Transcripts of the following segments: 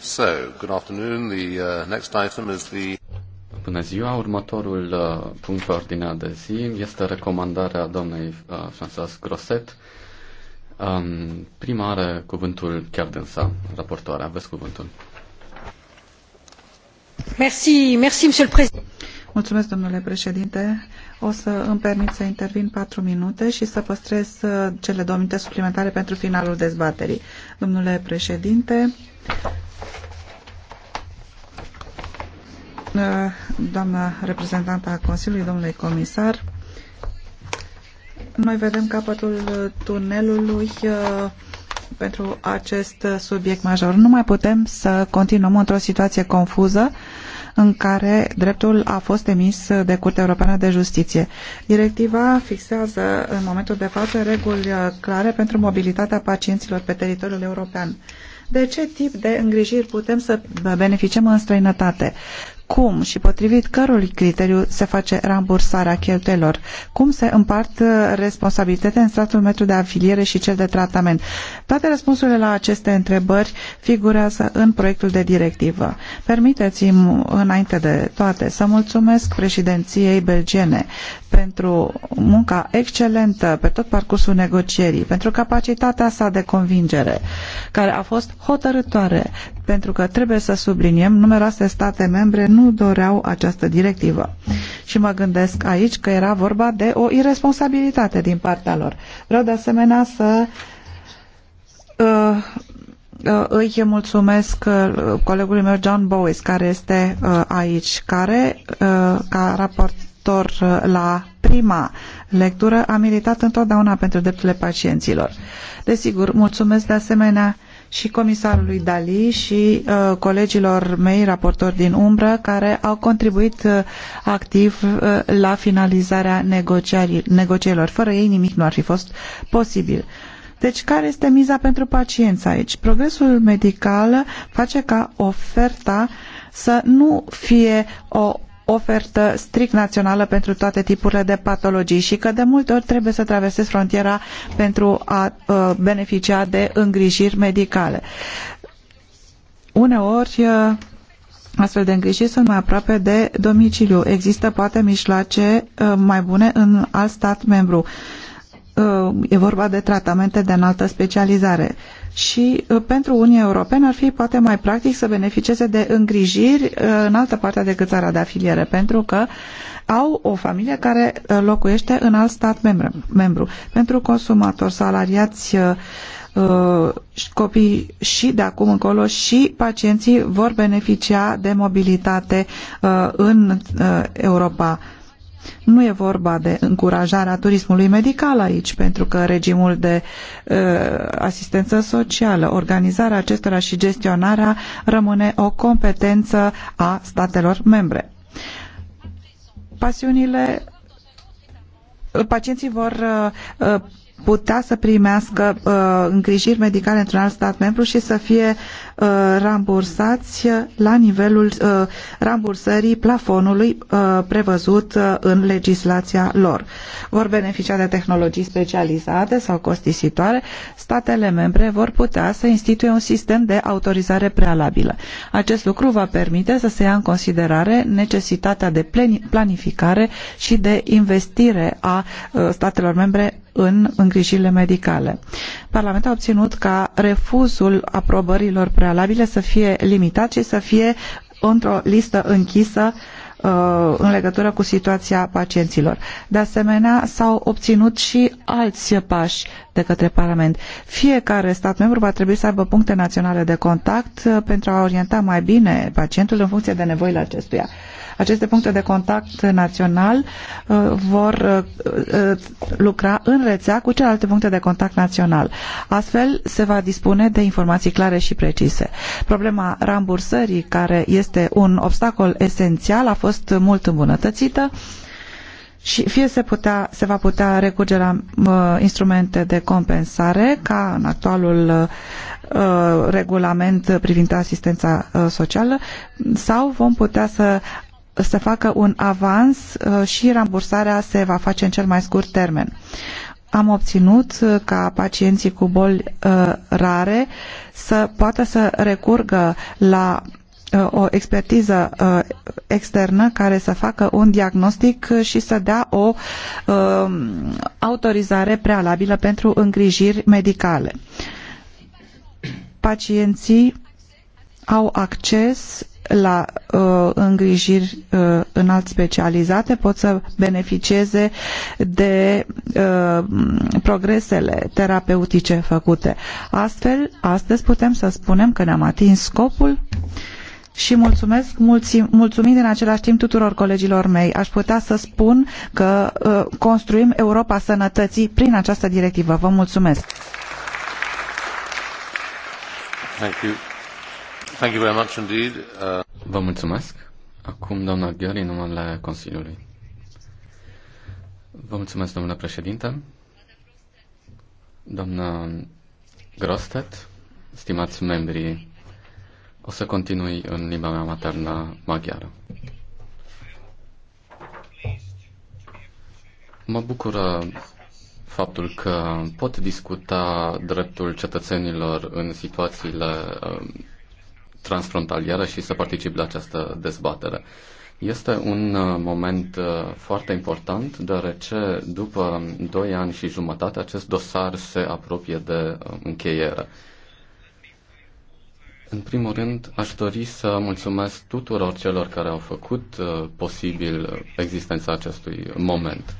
So, good afternoon. The uh, next item is the Bună ziua! Următorul uh, punct pe ordinea de zi este recomandarea doamnei uh, François Groset. Um, prima are cuvântul chiar dânsa, raportoarea. Aveți cuvântul. Merci, merci, monsieur le Mulțumesc, domnule președinte. O să îmi permit să intervin patru minute și să păstrez uh, cele două minute suplimentare pentru finalul dezbaterii. Domnule președinte, uh, doamna reprezentantă a Consiliului, domnule comisar, noi vedem capătul tunelului uh, pentru acest subiect major. Nu mai putem să continuăm într-o situație confuză în care dreptul a fost emis de Curtea Europeană de Justiție. Directiva fixează în momentul de față reguli uh, clare pentru mobilitatea pacienților pe teritoriul european. De ce tip de îngrijiri putem să beneficiem în străinătate? cum și potrivit cărui criteriu se face rambursarea cheltuielor, cum se împart uh, responsabilitatea în statul metru de afiliere și cel de tratament. Toate răspunsurile la aceste întrebări figurează în proiectul de directivă. Permiteți-mi, înainte de toate, să mulțumesc președinției belgiene pentru munca excelentă pe tot parcursul negocierii, pentru capacitatea sa de convingere, care a fost hotărâtoare pentru că trebuie să subliniem, numeroase state membre nu doreau această directivă. Și mă gândesc aici că era vorba de o irresponsabilitate din partea lor. Vreau de asemenea să uh, uh îi mulțumesc uh, colegului meu John Bowis, care este uh, aici, care, ca raportor la prima lectură, a militat întotdeauna pentru drepturile pacienților. Desigur, mulțumesc de asemenea și comisarului Dali și uh, colegilor mei, raportori din umbră, care au contribuit uh, activ uh, la finalizarea negocierilor. Fără ei nimic nu ar fi fost posibil. Deci care este miza pentru pacienți aici? Progresul medical face ca oferta să nu fie o ofertă strict națională pentru toate tipurile de patologii și că de multe ori trebuie să traversezi frontiera pentru a uh, beneficia de îngrijiri medicale. Uneori uh, Astfel de îngrijiri sunt mai aproape de domiciliu. Există poate mișlace uh, mai bune în alt stat membru. E vorba de tratamente de înaltă specializare și uh, pentru Uniunea Europeană ar fi poate mai practic să beneficieze de îngrijiri uh, în altă parte decât țara de afiliere, pentru că au o familie care uh, locuiește în alt stat membru. Pentru consumatori, salariați, copii și de acum încolo și pacienții vor beneficia de mobilitate în Europa nu e vorba de încurajarea turismului medical aici, pentru că regimul de uh, asistență socială, organizarea acestora și gestionarea rămâne o competență a statelor membre. Pasiunile, pacienții vor uh, uh putea să primească uh, îngrijiri medicale într-un alt stat membru și să fie Uh, rambursați la nivelul uh, rambursării plafonului uh, prevăzut în legislația lor. Vor beneficia de tehnologii specializate sau costisitoare. Statele membre vor putea să instituie un sistem de autorizare prealabilă. Acest lucru va permite să se ia în considerare necesitatea de planificare și de investire a statelor membre în îngrijirile medicale. Parlamentul a obținut ca refuzul aprobărilor prealabilă prealabile să fie limitat și să fie într-o listă închisă uh, în legătură cu situația pacienților. De asemenea, s-au obținut și alți pași de către Parlament. Fiecare stat membru va trebui să aibă puncte naționale de contact uh, pentru a orienta mai bine pacientul în funcție de nevoile acestuia. Aceste puncte de contact național uh, vor uh, uh, lucra în rețea cu celelalte puncte de contact național. Astfel se va dispune de informații clare și precise. Problema rambursării, care este un obstacol esențial, a fost mult îmbunătățită și fie se, putea, se va putea recurge la uh, instrumente de compensare, ca în actualul uh, regulament privind asistența uh, socială, sau vom putea să să facă un avans uh, și rambursarea se va face în cel mai scurt termen. Am obținut uh, ca pacienții cu boli uh, rare să poată să recurgă la o expertiză externă care să facă un diagnostic și să dea o autorizare prealabilă pentru îngrijiri medicale. Pacienții au acces la uh, îngrijiri uh, înalt specializate pot să beneficieze de uh, progresele terapeutice făcute. Astfel, astăzi putem să spunem că ne-am atins scopul și mulțumesc, mulțim, mulțumim în același timp tuturor colegilor mei. Aș putea să spun că uh, construim Europa sănătății prin această directivă. Vă mulțumesc! Thank you. Thank you very much indeed. Uh... Vă mulțumesc. Acum, doamna Gheori, numele Consiliului. Vă mulțumesc, domnule președinte. Doamna Grostet, stimați membri, o să continui în limba mea maternă maghiară. Mă bucură faptul că pot discuta dreptul cetățenilor în situațiile uh, transfrontalieră și să particip la această dezbatere. Este un uh, moment uh, foarte important, deoarece după doi ani și jumătate acest dosar se apropie de uh, încheiere. În primul rând, aș dori să mulțumesc tuturor celor care au făcut posibil existența acestui moment.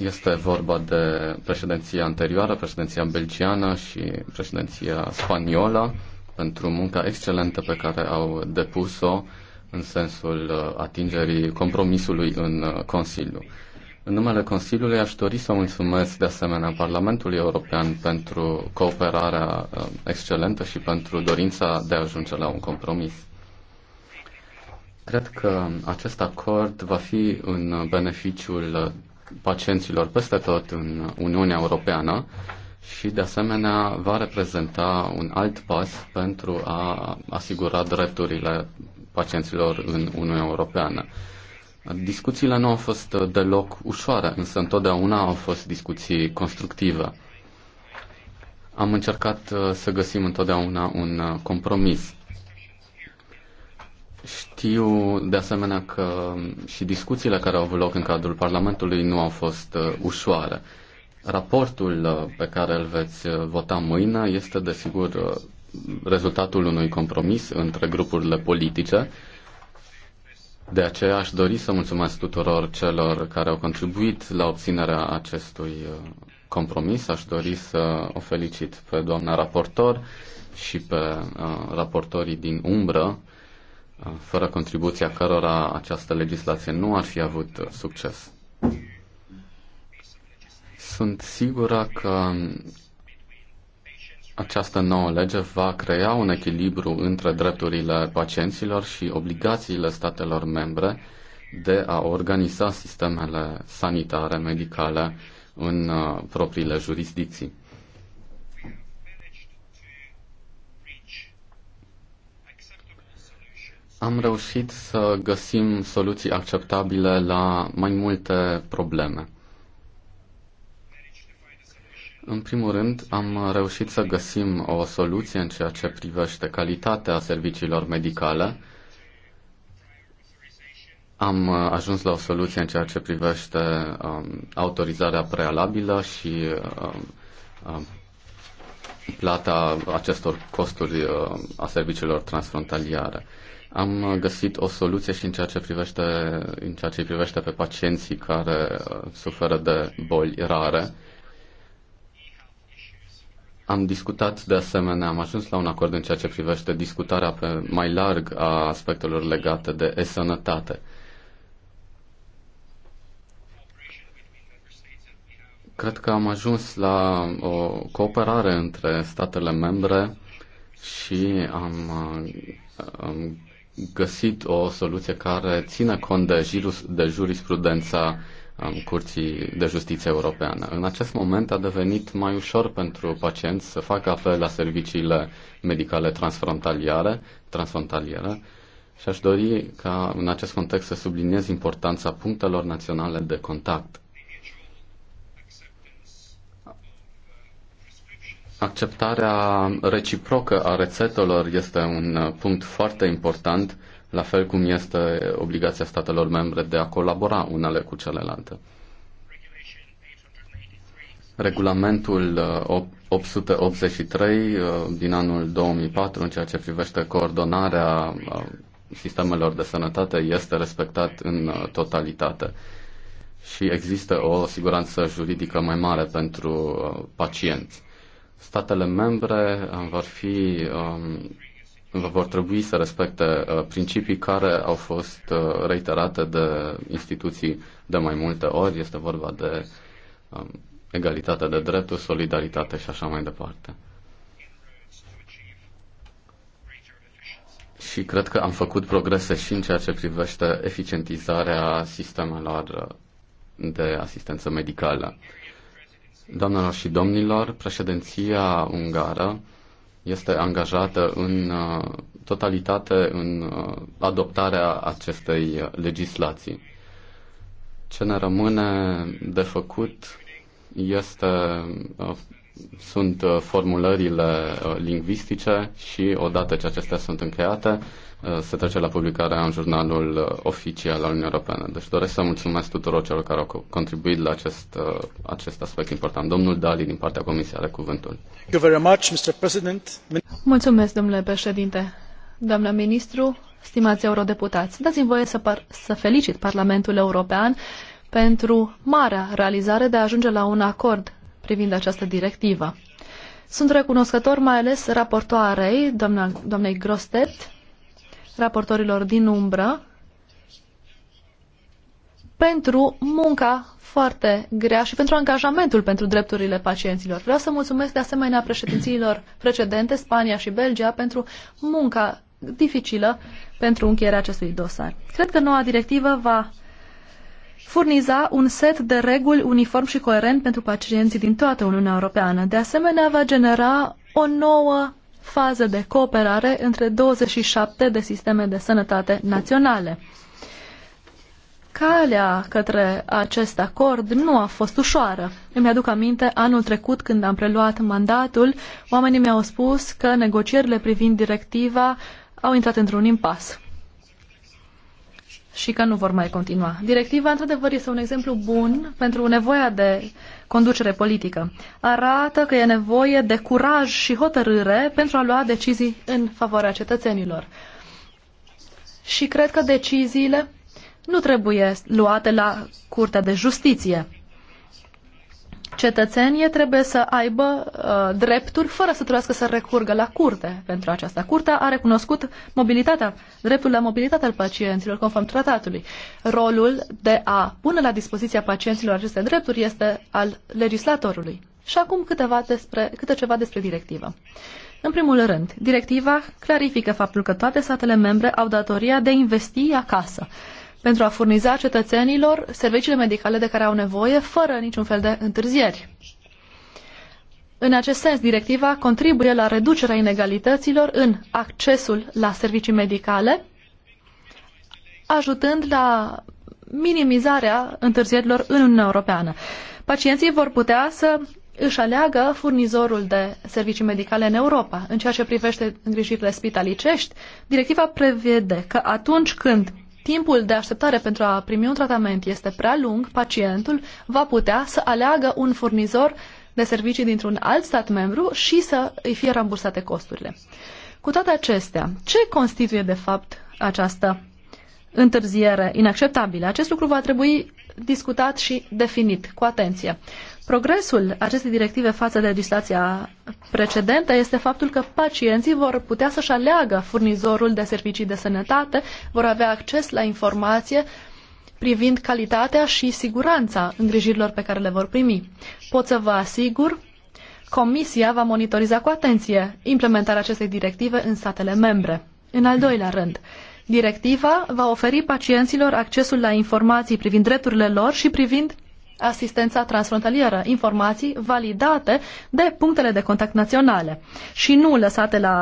Este vorba de președinția anterioară, președinția belgiană și președinția spaniolă pentru munca excelentă pe care au depus-o în sensul uh, atingerii compromisului în uh, Consiliu. În numele Consiliului aș dori să mulțumesc de asemenea Parlamentului European pentru cooperarea uh, excelentă și pentru dorința de a ajunge la un compromis. Cred că acest acord va fi în beneficiul pacienților peste tot în Uniunea Europeană și, de asemenea, va reprezenta un alt pas pentru a asigura drepturile pacienților în Uniunea Europeană. Discuțiile nu au fost deloc ușoare, însă întotdeauna au fost discuții constructive. Am încercat uh, să găsim întotdeauna un uh, compromis. Știu de asemenea că și discuțiile care au avut loc în cadrul Parlamentului nu au fost uh, ușoare. Raportul uh, pe care îl veți uh, vota mâine este, desigur, uh, rezultatul unui compromis între grupurile politice. De aceea aș dori să mulțumesc tuturor celor care au contribuit la obținerea acestui compromis. Aș dori să o felicit pe doamna raportor și pe raportorii din umbră, fără contribuția cărora această legislație nu ar fi avut succes. Sunt sigură că această nouă lege va crea un echilibru între drepturile pacienților și obligațiile statelor membre de a organiza sistemele sanitare, medicale în uh, propriile jurisdicții. Am reușit să găsim soluții acceptabile la mai multe probleme. În primul rând, am reușit să găsim o soluție în ceea ce privește calitatea serviciilor medicale. Am ajuns la o soluție în ceea ce privește um, autorizarea prealabilă și um, um, plata acestor costuri uh, a serviciilor transfrontaliere. Am găsit o soluție și în ceea ce privește, în ceea ce privește pe pacienții care uh, suferă de boli rare am discutat de asemenea, am ajuns la un acord în ceea ce privește discutarea pe mai larg a aspectelor legate de e-sănătate. Cred că am ajuns la o cooperare între statele membre și am, am găsit o soluție care ține cont de, de jurisprudența Curții de Justiție Europeană. În acest moment a devenit mai ușor pentru pacienți să facă apel la serviciile medicale transfrontaliere, transfrontaliere și aș dori ca în acest context să subliniez importanța punctelor naționale de contact. Acceptarea reciprocă a rețetelor este un punct foarte important la fel cum este obligația statelor membre de a colabora unele cu celelalte. Regulamentul 883 uh, uh, din anul 2004 în ceea ce privește coordonarea uh, sistemelor de sănătate este respectat în totalitate și există o siguranță juridică mai mare pentru pacienți. Statele membre vor fi um, vor trebui să respecte uh, principii care au fost uh, reiterate de instituții de mai multe ori. Este vorba de um, egalitate de drepturi, solidaritate și așa mai departe. Și cred că am făcut progrese și în ceea ce privește eficientizarea sistemelor uh, de asistență medicală. Doamnelor și domnilor, președinția ungară este angajată în uh, totalitate în uh, adoptarea acestei uh, legislații. Ce ne rămâne de făcut este sunt uh, formulările uh, lingvistice și odată ce acestea sunt încheiate, uh, se trece la publicarea în jurnalul oficial al Uniunii Europene. Deci doresc să mulțumesc tuturor celor care au contribuit la acest, acest aspect important. Domnul Dali, din partea Comisiei, are cuvântul. Mulțumesc, domnule președinte. Doamna ministru, stimați eurodeputați, dați-mi voie să, par- să felicit Parlamentul European pentru marea realizare de a ajunge la un acord privind această directivă. Sunt recunoscător mai ales raportoarei, doamna, doamnei Grostet, raportorilor din umbră, pentru munca foarte grea și pentru angajamentul pentru drepturile pacienților. Vreau să mulțumesc de asemenea președințiilor precedente, Spania și Belgia, pentru munca dificilă pentru încheierea acestui dosar. Cred că noua directivă va furniza un set de reguli uniform și coerent pentru pacienții din toată Uniunea Europeană. De asemenea, va genera o nouă fază de cooperare între 27 de sisteme de sănătate naționale. Calea către acest acord nu a fost ușoară. Îmi aduc aminte, anul trecut, când am preluat mandatul, oamenii mi-au spus că negocierile privind directiva au intrat într-un impas și că nu vor mai continua. Directiva, într-adevăr, este un exemplu bun pentru nevoia de conducere politică. Arată că e nevoie de curaj și hotărâre pentru a lua decizii în favoarea cetățenilor. Și cred că deciziile nu trebuie luate la Curtea de Justiție cetățenie trebuie să aibă uh, drepturi fără să trebuiască să recurgă la curte pentru aceasta. Curtea a recunoscut mobilitatea, dreptul la mobilitate al pacienților conform tratatului. Rolul de a pune la dispoziția pacienților aceste drepturi este al legislatorului. Și acum câteva despre, câte ceva despre directivă. În primul rând, directiva clarifică faptul că toate statele membre au datoria de a investi acasă pentru a furniza cetățenilor serviciile medicale de care au nevoie, fără niciun fel de întârzieri. În acest sens, directiva contribuie la reducerea inegalităților în accesul la servicii medicale, ajutând la minimizarea întârzierilor în Uniunea Europeană. Pacienții vor putea să își aleagă furnizorul de servicii medicale în Europa. În ceea ce privește îngrijirile spitalicești, directiva prevede că atunci când timpul de așteptare pentru a primi un tratament este prea lung, pacientul va putea să aleagă un furnizor de servicii dintr-un alt stat membru și să îi fie rambursate costurile. Cu toate acestea, ce constituie de fapt această întârziere inacceptabilă? Acest lucru va trebui discutat și definit cu atenție. Progresul acestei directive față de legislația precedentă este faptul că pacienții vor putea să-și aleagă furnizorul de servicii de sănătate, vor avea acces la informație privind calitatea și siguranța îngrijirilor pe care le vor primi. Pot să vă asigur, Comisia va monitoriza cu atenție implementarea acestei directive în statele membre. În al doilea rând, directiva va oferi pacienților accesul la informații privind drepturile lor și privind asistența transfrontalieră, informații validate de punctele de contact naționale și nu lăsate la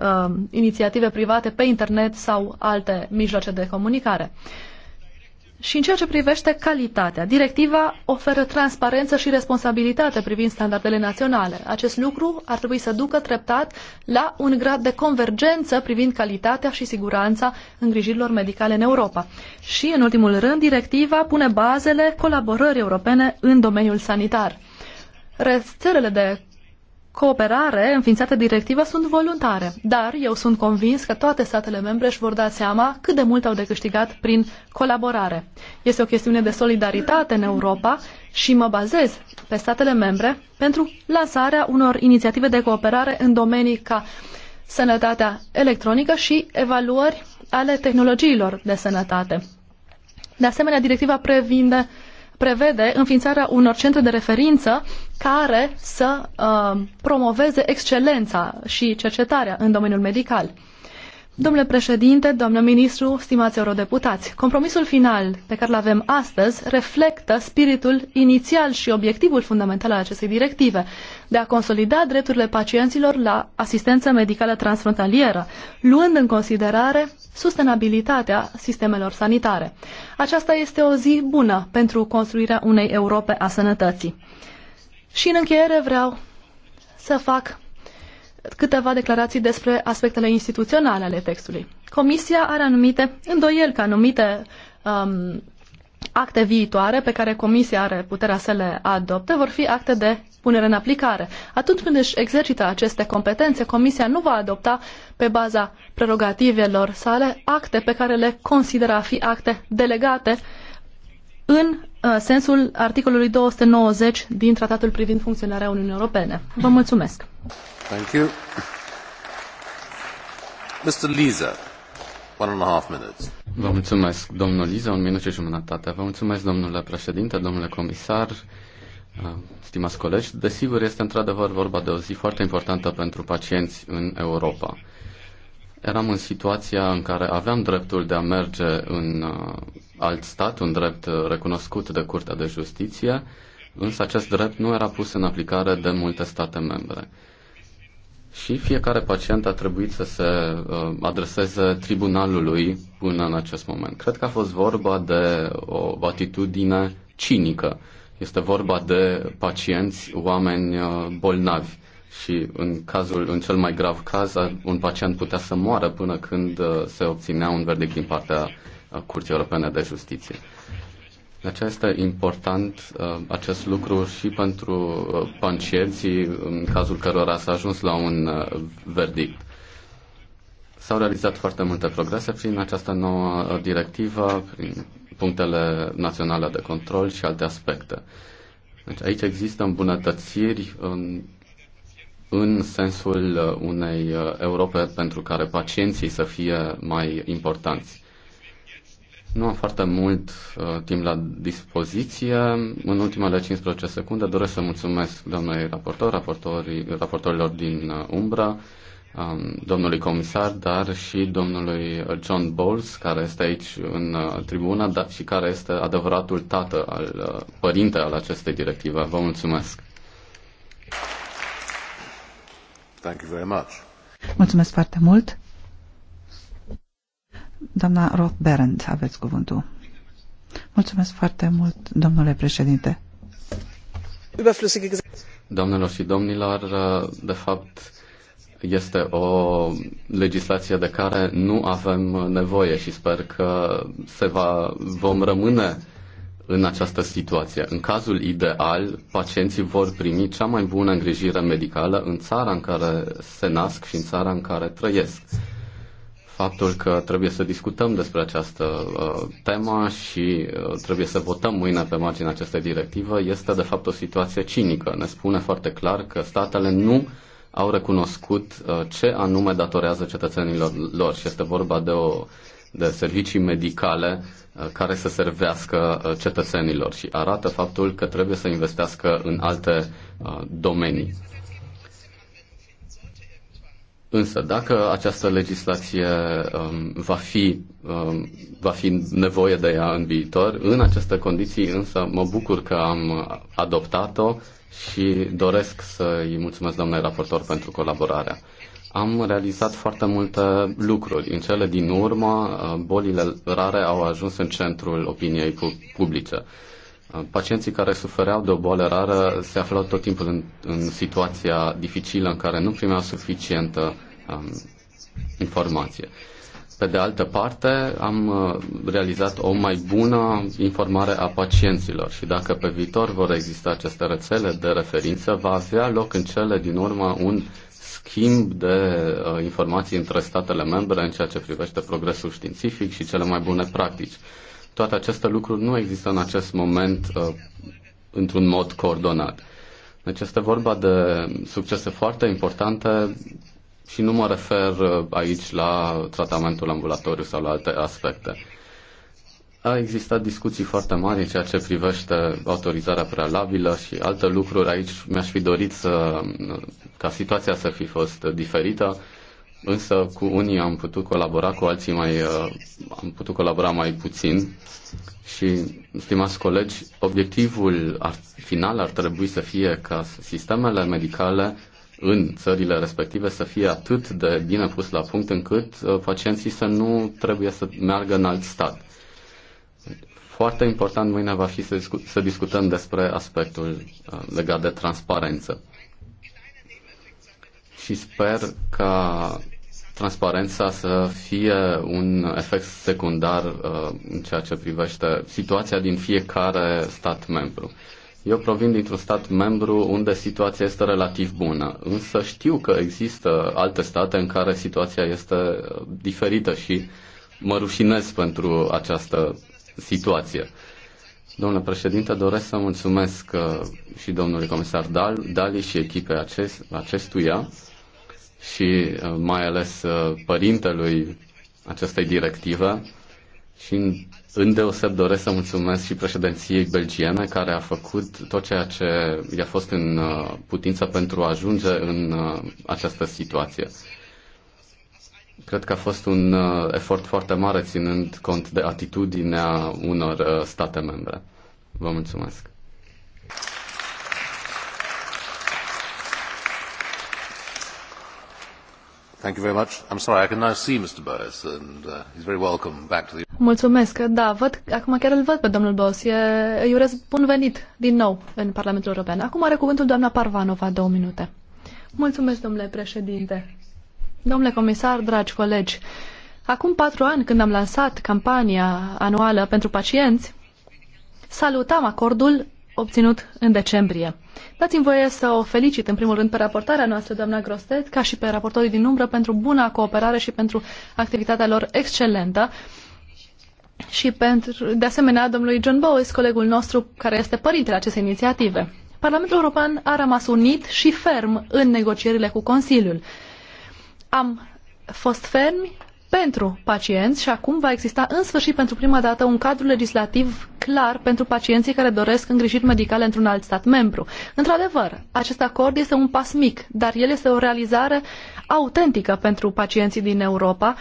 uh, inițiative private pe internet sau alte mijloace de comunicare. Uh, și în ceea ce privește calitatea, directiva oferă transparență și responsabilitate privind standardele naționale. Acest lucru ar trebui să ducă treptat la un grad de convergență privind calitatea și siguranța îngrijirilor medicale în Europa. Și, în ultimul rând, directiva pune bazele colaborării europene în domeniul sanitar. Rețelele de cooperare înființată directivă sunt voluntare, dar eu sunt convins că toate statele membre își vor da seama cât de mult au de câștigat prin colaborare. Este o chestiune de solidaritate în Europa și mă bazez pe statele membre pentru lansarea unor inițiative de cooperare în domenii ca sănătatea electronică și evaluări ale tehnologiilor de sănătate. De asemenea, directiva previnde uh, prevede înființarea unor centre de referință care să uh, promoveze excelența și cercetarea în domeniul medical. Domnule președinte, domnule ministru, stimați eurodeputați, compromisul final pe care îl avem astăzi reflectă spiritul inițial și obiectivul fundamental al acestei directive, de a consolida drepturile pacienților la asistență medicală transfrontalieră, luând în considerare sustenabilitatea sistemelor sanitare. Aceasta este o zi bună pentru construirea unei Europe a sănătății. Și în încheiere vreau să fac câteva declarații despre aspectele instituționale ale textului. Comisia are anumite îndoieli că anumite um, acte viitoare pe care Comisia are puterea să le adopte vor fi acte de punere în aplicare. Atunci când își exercită aceste competențe, Comisia nu va adopta pe baza prerogativelor sale acte pe care le considera a fi acte delegate în Uh, sensul articolului 290 din Tratatul privind funcționarea Uniunii Europene. Vă mulțumesc. Thank you. Mr. Lisa, one and a half minutes. Vă mulțumesc, domnul Liza, un minut și jumătate. Vă mulțumesc, domnule președinte, domnule comisar, uh, stimați colegi. Desigur, este într-adevăr vorba de o zi foarte importantă pentru pacienți în Europa eram în situația în care aveam dreptul de a merge în uh, alt stat, un drept uh, recunoscut de Curtea de Justiție, însă acest drept nu era pus în aplicare de multe state membre. Și fiecare pacient a trebuit să se uh, adreseze tribunalului până în acest moment. Cred că a fost vorba de o atitudine cinică. Este vorba de pacienți, oameni uh, bolnavi. Și în cazul, în cel mai grav caz, un pacient putea să moară până când se obținea un verdict din partea Curții Europene de Justiție. De deci aceea este important uh, acest lucru și pentru uh, pancieții în cazul cărora s-a ajuns la un uh, verdict. S-au realizat foarte multe progrese prin această nouă directivă, prin punctele naționale de control și alte aspecte. Deci aici există îmbunătățiri în, um, în sensul unei Europe pentru care pacienții să fie mai importanți. Nu am foarte mult uh, timp la dispoziție. În ultimele 15 secunde doresc să mulțumesc doamnei raportor, raportorii, raportorilor din uh, Umbra, um, domnului comisar, dar și domnului John Bowles, care este aici în uh, tribună da, și care este adevăratul tată, al, uh, părinte al acestei directive. Vă mulțumesc! Thank you very much. Mulțumesc foarte mult! Doamna Roth-Berend, aveți cuvântul. Mulțumesc foarte mult, domnule președinte. Doamnelor și domnilor, de fapt, este o legislație de care nu avem nevoie și sper că se va, vom rămâne în această situație. În cazul ideal, pacienții vor primi cea mai bună îngrijire medicală în țara în care se nasc și în țara în care trăiesc faptul că trebuie să discutăm despre această uh, temă și uh, trebuie să votăm mâine pe marginea acestei directive este de fapt o situație cinică. Ne spune foarte clar că statele nu au recunoscut uh, ce anume datorează cetățenilor lor și este vorba de o de servicii medicale uh, care să servească uh, cetățenilor și arată faptul că trebuie să investească în alte uh, domenii. Însă, dacă această legislație um, va, fi, um, va fi nevoie de ea în viitor, în aceste condiții însă mă bucur că am adoptat-o și doresc să-i mulțumesc domnului raportor pentru colaborarea. Am realizat foarte multe lucruri. În cele din urmă, uh, bolile rare au ajuns în centrul opiniei publice Pacienții care sufereau de o boală rară se aflau tot timpul în, în situația dificilă în care nu primeau suficientă um, informație. Pe de altă parte, am uh, realizat o mai bună informare a pacienților și dacă pe viitor vor exista aceste rețele de referință, va avea loc în cele din urmă un schimb de uh, informații între statele membre în ceea ce privește progresul științific și cele mai bune practici. Toate aceste lucruri nu există în acest moment uh, într-un mod coordonat. Deci este vorba de succese foarte importante și nu mă refer uh, aici la tratamentul ambulatoriu sau la alte aspecte. A existat discuții foarte mari în ceea ce privește autorizarea prealabilă și alte lucruri. Aici mi-aș fi dorit să, ca situația să fi fost diferită însă cu unii am putut colabora, cu alții mai, uh, am putut colabora mai puțin. Și, stimați colegi, obiectivul ar, final ar trebui să fie ca sistemele medicale în țările respective să fie atât de bine pus la punct încât uh, pacienții să nu trebuie să meargă în alt stat. Foarte important mâine va fi să, discu- să discutăm despre aspectul uh, legat de transparență. Și sper ca transparența să fie un efect secundar uh, în ceea ce privește situația din fiecare stat membru. Eu provin dintr-un stat membru unde situația este relativ bună, însă știu că există alte state în care situația este uh, diferită și mă rușinez pentru această situație. Domnule președinte, doresc să mulțumesc uh, și domnului comisar Dal, Dali și echipei acest, acestuia și uh, mai ales uh, părintelui acestei directive și deoseb doresc să mulțumesc și președinției belgiene care a făcut tot ceea ce i-a fost în uh, putință pentru a ajunge în această situație. Cred că a fost un efort foarte mare ținând cont de atitudinea unor state membre. Vă mulțumesc. Mulțumesc, da, văd, acum chiar îl văd pe domnul Boas. E, îi urez bun venit din nou în Parlamentul European. Acum are cuvântul doamna Parvanova, două minute. Mulțumesc, domnule președinte. Domnule comisar, dragi colegi, acum patru ani când am lansat campania anuală pentru pacienți, salutam acordul obținut în decembrie. Dați-mi voie să o felicit în primul rând pe raportarea noastră, doamna Grostet, ca și pe raportorii din umbră pentru buna cooperare și pentru activitatea lor excelentă și pentru, de asemenea domnului John Bowes, colegul nostru care este părintele acestei inițiative. Parlamentul European a rămas unit și ferm în negocierile cu Consiliul. Am fost fermi pentru pacienți și acum va exista în sfârșit pentru prima dată un cadru legislativ clar pentru pacienții care doresc îngrijiri medicale într-un alt stat membru. Într-adevăr, acest acord este un pas mic, dar el este o realizare autentică pentru pacienții din Europa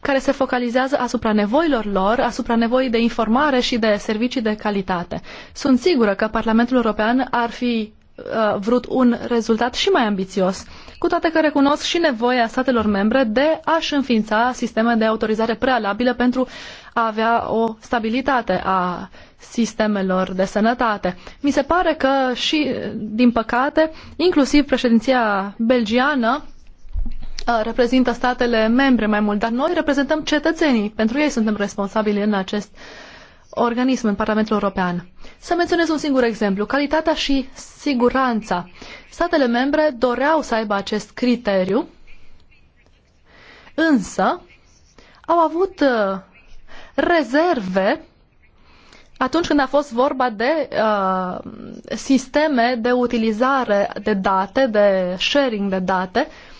care se focalizează asupra nevoilor lor, asupra nevoii de informare și de servicii de calitate. Sunt sigură că Parlamentul European ar fi Uh, vrut un rezultat și mai ambițios, cu toate că recunosc și nevoia statelor membre de a-și înființa sisteme de autorizare prealabilă pentru a avea o stabilitate a sistemelor de sănătate. Mi se pare că și, din păcate, inclusiv președinția belgiană uh, reprezintă statele membre mai mult, dar noi reprezentăm cetățenii. Pentru ei suntem responsabili în acest organism în Parlamentul European. Să menționez un singur exemplu, calitatea și siguranța. Statele membre doreau să aibă acest criteriu, însă au avut uh, rezerve atunci când a fost vorba de uh, sisteme de utilizare de date, de sharing de date, uh,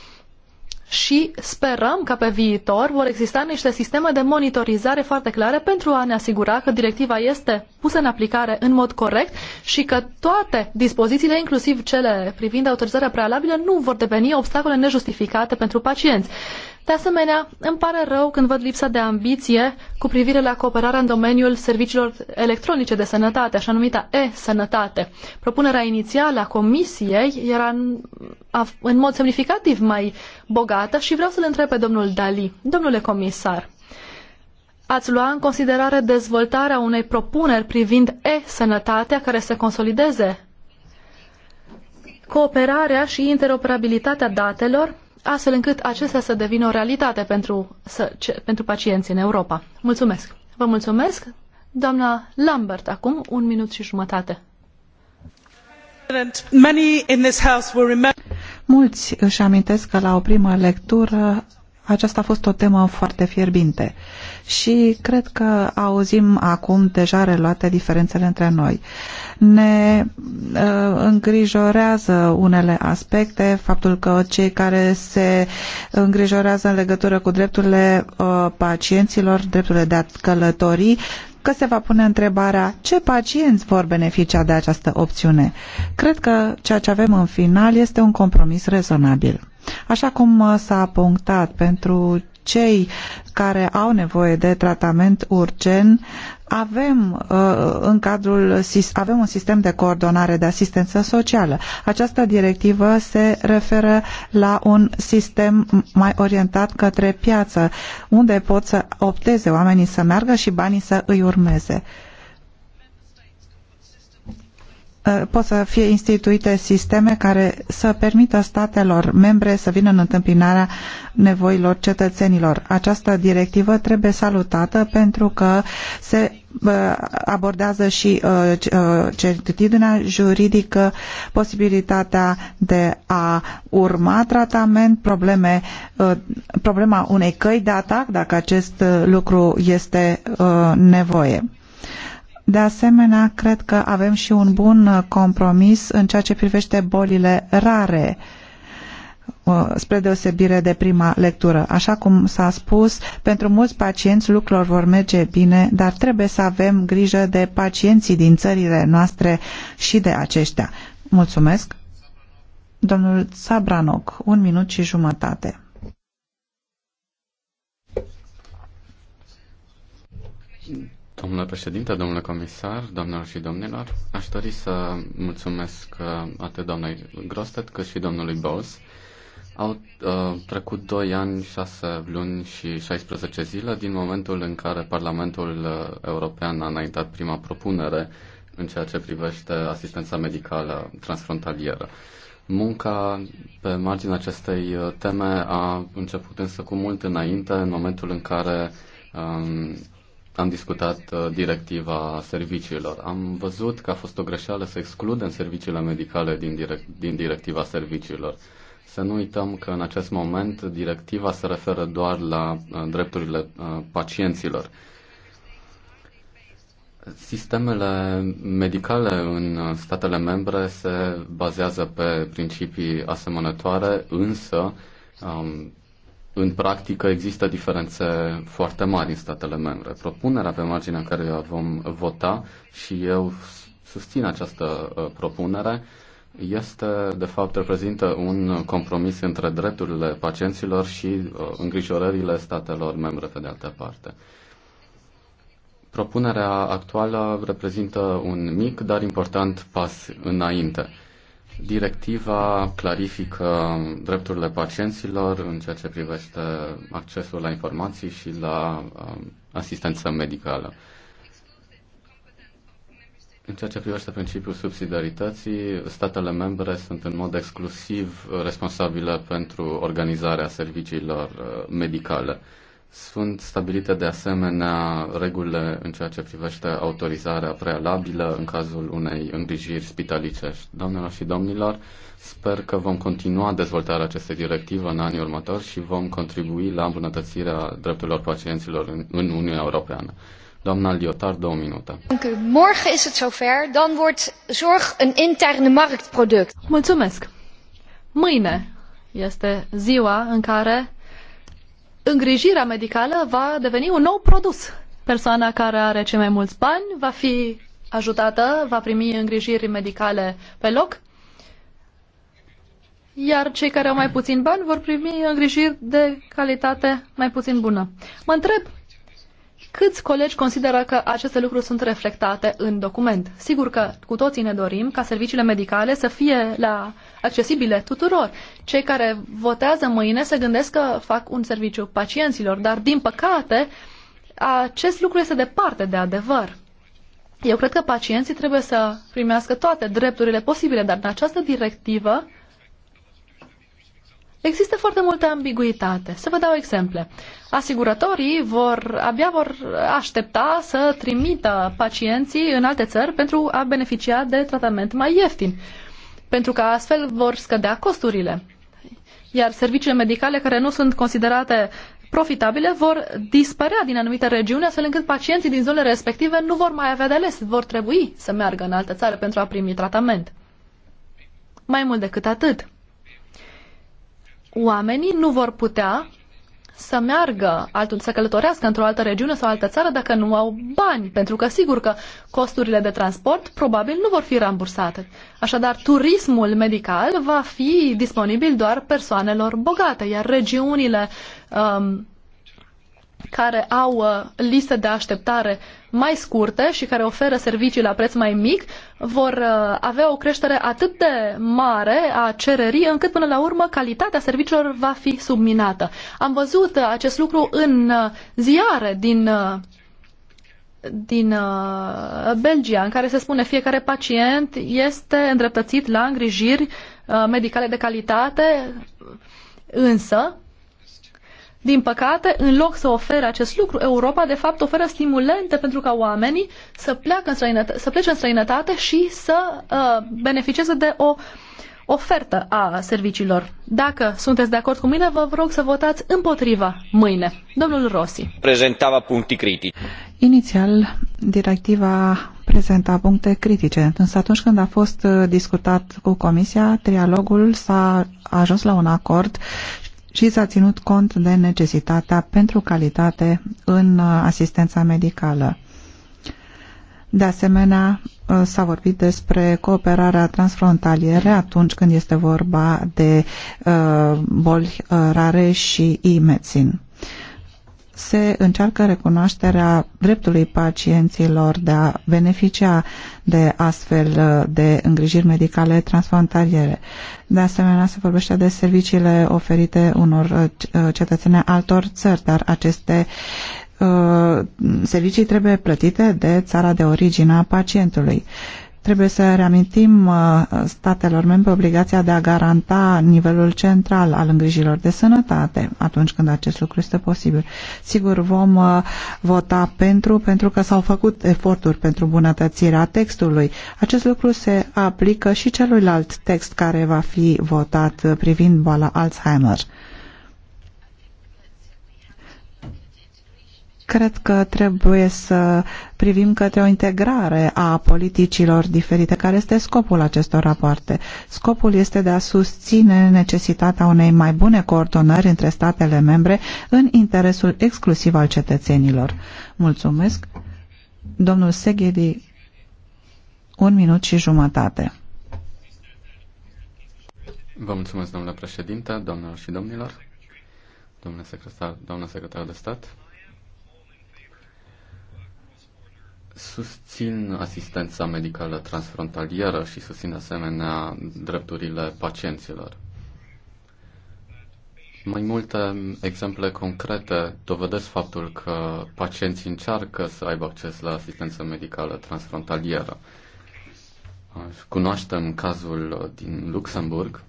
și sperăm că pe viitor vor exista niște sisteme de monitorizare foarte clare pentru a ne asigura că directiva este pusă în aplicare în mod corect și că toate dispozițiile, inclusiv cele privind autorizarea prealabilă, nu vor deveni obstacole nejustificate pentru pacienți. De asemenea, îmi pare rău când văd lipsa de ambiție cu privire la cooperarea în domeniul serviciilor electronice de sănătate, așa numita e-sănătate. Propunerea inițială a Comisiei era în, în mod semnificativ mai bogată și vreau să-l întreb pe domnul Dali. Domnule comisar, Ați lua în considerare dezvoltarea unei propuneri privind e-sănătatea care se consolideze cooperarea și interoperabilitatea datelor astfel încât acestea să devină o realitate pentru, să, ce, pentru pacienții în Europa. Mulțumesc! Vă mulțumesc! Doamna Lambert, acum un minut și jumătate. Mulți își amintesc că la o primă lectură aceasta a fost o temă foarte fierbinte și cred că auzim acum deja reluate diferențele între noi. Ne uh, îngrijorează unele aspecte, faptul că cei care se îngrijorează în legătură cu drepturile uh, pacienților, drepturile de a călători, că se va pune întrebarea ce pacienți vor beneficia de această opțiune. Cred că ceea ce avem în final este un compromis rezonabil. Așa cum s-a punctat pentru cei care au nevoie de tratament urgent avem uh, în cadrul avem un sistem de coordonare de asistență socială. Această directivă se referă la un sistem mai orientat către piață, unde pot să opteze oamenii să meargă și banii să îi urmeze. Uh, Eh, pot să fie instituite sisteme care să permită statelor membre să vină în întâmpinarea nevoilor cetățenilor. Această directivă trebuie salutată pentru că se eh, abordează și eh, certitudinea juridică, posibilitatea de a urma tratament, probleme, problema unei căi de atac, dacă acest lucru este nevoie de asemenea, cred că avem și un bun uh, compromis în ceea ce privește bolile rare uh, spre deosebire de prima lectură. Așa cum s-a spus, pentru mulți pacienți lucrurile vor merge bine, dar trebuie să avem grijă de pacienții din țările noastre și de aceștia. Mulțumesc! Domnul Sabranoc, un minut și jumătate. Domnule președinte, domnule comisar, domnilor și domnilor, aș dori să mulțumesc uh, atât doamnei Grostet cât și domnului Bowes. Au uh, trecut 2 ani, 6 luni și 16 zile din momentul în care Parlamentul uh, European a înaintat prima propunere în ceea ce privește asistența medicală transfrontalieră. Munca pe marginea acestei uh, teme a început însă cu mult înainte, în momentul în care um, am discutat uh, directiva serviciilor. Am văzut că a fost o greșeală să excludem serviciile medicale din, direct, din directiva serviciilor. Să nu uităm că în acest moment directiva se referă doar la uh, drepturile uh, pacienților. Sistemele medicale în statele membre se bazează pe principii asemănătoare, însă um, în practică există diferențe foarte mari în statele membre. Propunerea pe marginea care vom vota și eu susțin această uh, propunere este, de fapt, reprezintă un compromis între drepturile pacienților și uh, îngrijorările statelor membre, pe de altă parte. Propunerea actuală reprezintă un mic, dar important pas înainte Directiva clarifică drepturile pacienților în ceea ce privește accesul la informații și la um, asistență medicală. În ceea ce privește principiul subsidiarității, statele membre sunt în mod exclusiv responsabile pentru organizarea serviciilor uh, medicale. Sunt stabilite de asemenea regulile în ceea ce privește autorizarea prealabilă în cazul unei îngrijiri spitalicești. Doamnelor și domnilor, sper că vom continua dezvoltarea acestei directive în anii următori și vom contribui la îmbunătățirea drepturilor pacienților în, în Uniunea Europeană. Doamna Liotar, două minute. Morgen is het zover, dan wordt zorg een interne marktproduct. Mulțumesc. Mâine este ziua în care îngrijirea medicală va deveni un nou produs. Persoana care are cei mai mulți bani va fi ajutată, va primi îngrijiri medicale pe loc, iar cei care au mai puțin bani vor primi îngrijiri de calitate mai puțin bună. Mă întreb Câți colegi consideră că aceste lucruri sunt reflectate în document? Sigur că cu toții ne dorim ca serviciile medicale să fie la accesibile tuturor. Cei care votează mâine se gândesc că fac un serviciu pacienților, dar din păcate acest lucru este departe de adevăr. Eu cred că pacienții trebuie să primească toate drepturile posibile, dar în această directivă Există foarte multă ambiguitate. Să vă dau exemple. Asigurătorii vor, abia vor aștepta să trimită pacienții în alte țări pentru a beneficia de tratament mai ieftin, pentru că astfel vor scădea costurile. Iar serviciile medicale care nu sunt considerate profitabile vor dispărea din anumite regiuni, astfel încât pacienții din zonele respective nu vor mai avea de ales, vor trebui să meargă în altă țară pentru a primi tratament. Mai mult decât atât, oamenii nu vor putea să meargă, altul, să călătorească într-o altă regiune sau altă țară dacă nu au bani, pentru că sigur că costurile de transport probabil nu vor fi rambursate. Așadar, turismul medical va fi disponibil doar persoanelor bogate, iar regiunile um, care au uh, liste de așteptare mai scurte și care oferă servicii la preț mai mic vor uh, avea o creștere atât de mare a cererii încât până la urmă calitatea serviciilor va fi subminată. Am văzut uh, acest lucru în ziare din din Belgia, în care se spune fiecare pacient este îndreptățit la îngrijiri medicale de calitate, însă din păcate, în loc să ofere acest lucru, Europa de fapt oferă stimulente pentru ca oamenii să, pleacă în străinătate, să plece în străinătate și să uh, beneficieze de o ofertă a serviciilor. Dacă sunteți de acord cu mine, vă rog să votați împotriva mâine. Domnul Rossi. Prezentava puncti critici. Inițial, directiva prezenta puncte critice, însă atunci când a fost uh, discutat cu Comisia, trialogul s-a ajuns la un acord și s-a ținut cont de necesitatea pentru calitate în uh, asistența medicală. De asemenea, uh, s-a vorbit despre cooperarea transfrontaliere atunci când este vorba de uh, boli rare și e-medicine se încearcă recunoașterea dreptului pacienților de a beneficia de astfel de îngrijiri medicale transfrontaliere. De asemenea, se vorbește de serviciile oferite unor uh, uh, cetățeni altor țări, dar aceste uh, servicii trebuie plătite de țara de origine a pacientului. Uh, Trebuie să reamintim uh, statelor membre obligația de a garanta nivelul central al îngrijilor de sănătate atunci când acest lucru este posibil. Sigur, vom uh, vota pentru, pentru că s-au făcut eforturi pentru bunătățirea textului. Acest lucru se aplică și celuilalt text care va fi votat uh, privind boala Alzheimer. Cred că trebuie să privim către o integrare a politicilor diferite, care este scopul acestor rapoarte. Scopul este de a susține necesitatea unei mai bune coordonări între statele membre în interesul exclusiv al cetățenilor. Mulțumesc. Domnul Seghedi, un minut și jumătate. Vă mulțumesc, domnule președinte, doamnelor și domnilor, domnule secretar, doamnă secretar de stat, susțin asistența medicală transfrontalieră și susțin asemenea drepturile pacienților. Mai multe exemple concrete dovedesc faptul că pacienții încearcă să aibă acces la asistență medicală transfrontalieră. Cunoaștem cazul din Luxemburg,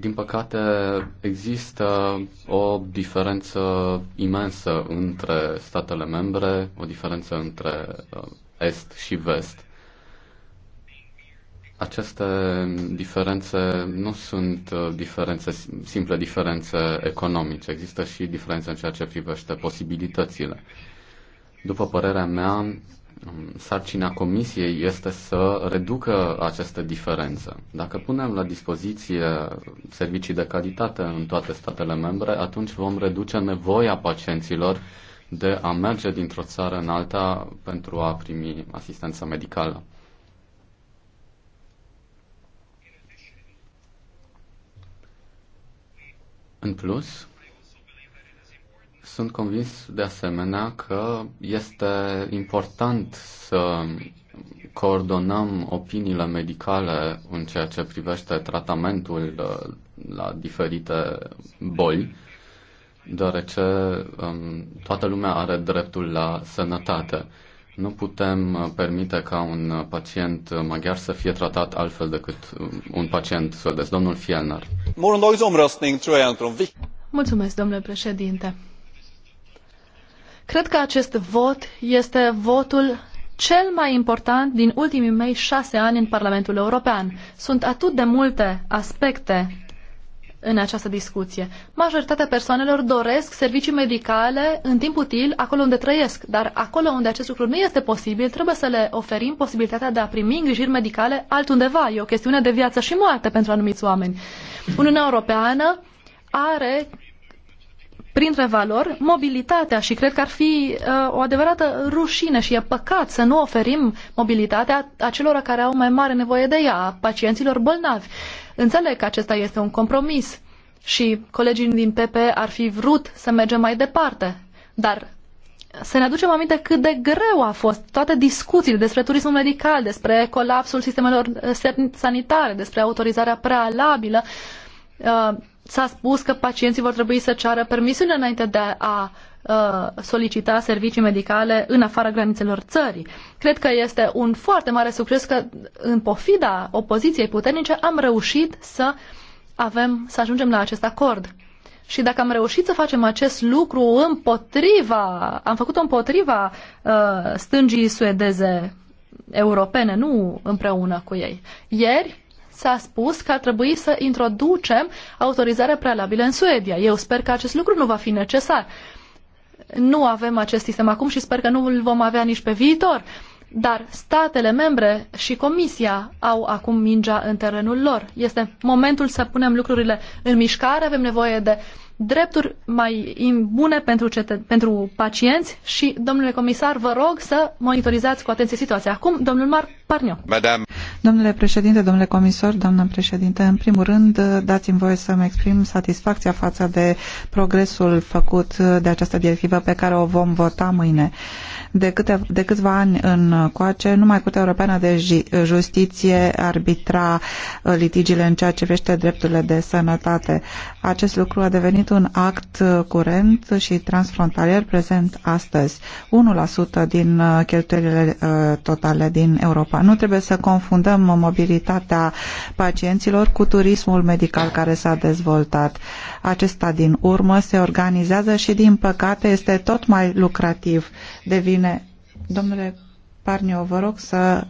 Din păcate, există o diferență imensă între statele membre, o diferență între uh, est și vest. Aceste diferențe nu sunt uh, diferențe, simple diferențe economice, există și diferențe în ceea ce privește posibilitățile. După părerea mea, Um, sarcina Comisiei este să reducă această diferență. Dacă punem la dispoziție servicii de calitate în toate statele membre, atunci vom reduce nevoia pacienților de a merge dintr-o țară în alta pentru a primi asistență medicală. În plus, sunt convins de asemenea că este important să coordonăm opiniile medicale în ceea ce privește tratamentul uh, la diferite boli, deoarece um, toată lumea are dreptul la sănătate. Nu putem uh, permite ca un pacient maghiar să fie tratat altfel decât um, un pacient suedez. Domnul Fielner. Mulțumesc, domnule președinte. Cred că acest vot este votul cel mai important din ultimii mei șase ani în Parlamentul European. Sunt atât de multe aspecte în această discuție. Majoritatea persoanelor doresc servicii medicale în timp util acolo unde trăiesc, dar acolo unde acest lucru nu este posibil, trebuie să le oferim posibilitatea de a primi îngrijiri medicale altundeva. E o chestiune de viață și moarte pentru anumiți oameni. Uniunea Europeană are printre valori mobilitatea și cred că ar fi uh, o adevărată rușine și e păcat să nu oferim mobilitatea acelora care au mai mare nevoie de ea, pacienților bolnavi. Înțeleg că acesta este un compromis și colegii din PP ar fi vrut să mergem mai departe, dar să ne aducem aminte cât de greu a fost toate discuțiile despre turismul medical, despre colapsul sistemelor uh, sanitare, despre autorizarea prealabilă. Uh, s-a spus că pacienții vor trebui să ceară permisiune înainte de a uh, solicita servicii medicale în afara granițelor țării. Cred că este un foarte mare succes că în pofida opoziției puternice am reușit să avem, să ajungem la acest acord. Și dacă am reușit să facem acest lucru împotriva, am făcut-o împotriva uh, stângii suedeze europene, nu împreună cu ei. Ieri s-a spus că ar trebui să introducem autorizarea prealabilă în Suedia. Eu sper că acest lucru nu va fi necesar. Nu avem acest sistem acum și sper că nu îl vom avea nici pe viitor. Dar statele membre și Comisia au acum mingea în terenul lor. Este momentul să punem lucrurile în mișcare, avem nevoie de drepturi mai bune pentru, cete- pentru pacienți și, domnule comisar, vă rog să monitorizați cu atenție situația. Acum, domnul Mar Parnio. Madame. Domnule președinte, domnule comisar, doamnă președinte, în primul rând dați-mi voie să-mi exprim satisfacția față de progresul făcut de această directivă pe care o vom vota mâine. De, câte, de câțiva ani în coace, numai Curtea Europeană de Justiție arbitra uh, litigiile în ceea ce privește drepturile de sănătate. Acest lucru a devenit un act uh, curent și transfrontalier prezent astăzi. 1% din uh, cheltuielile totale din Europa. Nu trebuie să confundăm mobilitatea pacienților cu turismul medical care s-a dezvoltat. Acesta din urmă se organizează și din păcate este tot mai lucrativ. Devin Bine, domnule Parniu, vă rog să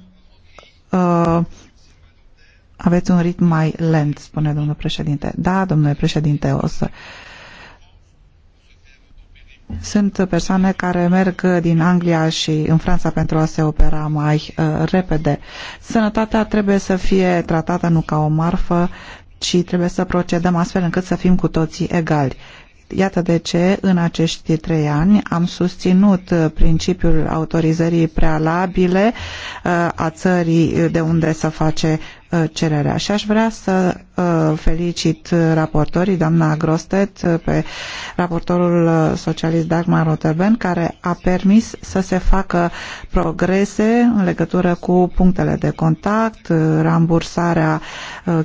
uh, aveți un ritm mai lent, spune domnul președinte. Da, domnule președinte, o să... Sunt persoane care merg din Anglia și în Franța pentru a se opera mai uh, repede. Sănătatea trebuie să fie tratată nu ca o marfă, ci trebuie să procedăm astfel încât să fim cu toții egali. Uh, Iată de ce în acești trei ani am susținut uh, principiul autorizării prealabile uh, a țării de unde să face Uh, cererea. Și aș vrea să uh, felicit uh, raportorii, doamna Grostet, pe raportorul socialist Dagmar Roterben, care a permis să se facă progrese în legătură cu punctele de contact, rambursarea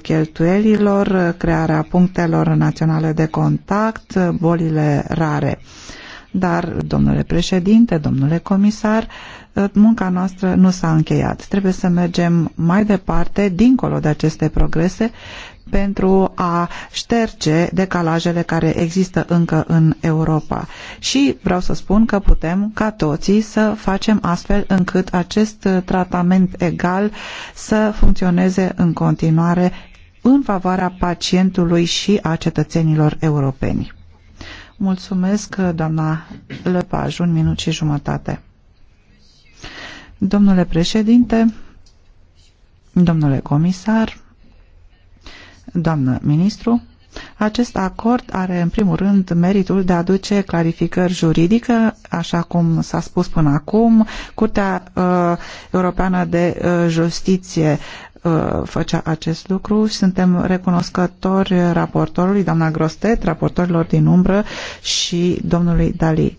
cheltuielilor, crearea punctelor naționale de contact, bolile rare. Dar, domnule președinte, domnule comisar, uh, Ă, munca noastră nu s-a încheiat. Trebuie să mergem mai departe, dincolo de aceste progrese, pentru a șterge decalajele care există încă în Europa. Și vreau să spun că putem, ca toții, să facem astfel încât acest tratament egal să funcționeze în continuare în favoarea pacientului și a cetățenilor europeni. Mulțumesc, doamna Lepaj, un minut și jumătate. Domnule președinte, domnule comisar, doamnă ministru, acest acord are în primul rând meritul de a aduce clarificări juridică, așa cum s-a spus până acum, Curtea uh, Europeană de uh, Justiție uh, făcea acest lucru și suntem recunoscători raportorului, doamna Grostet, raportorilor din umbră și domnului Dali.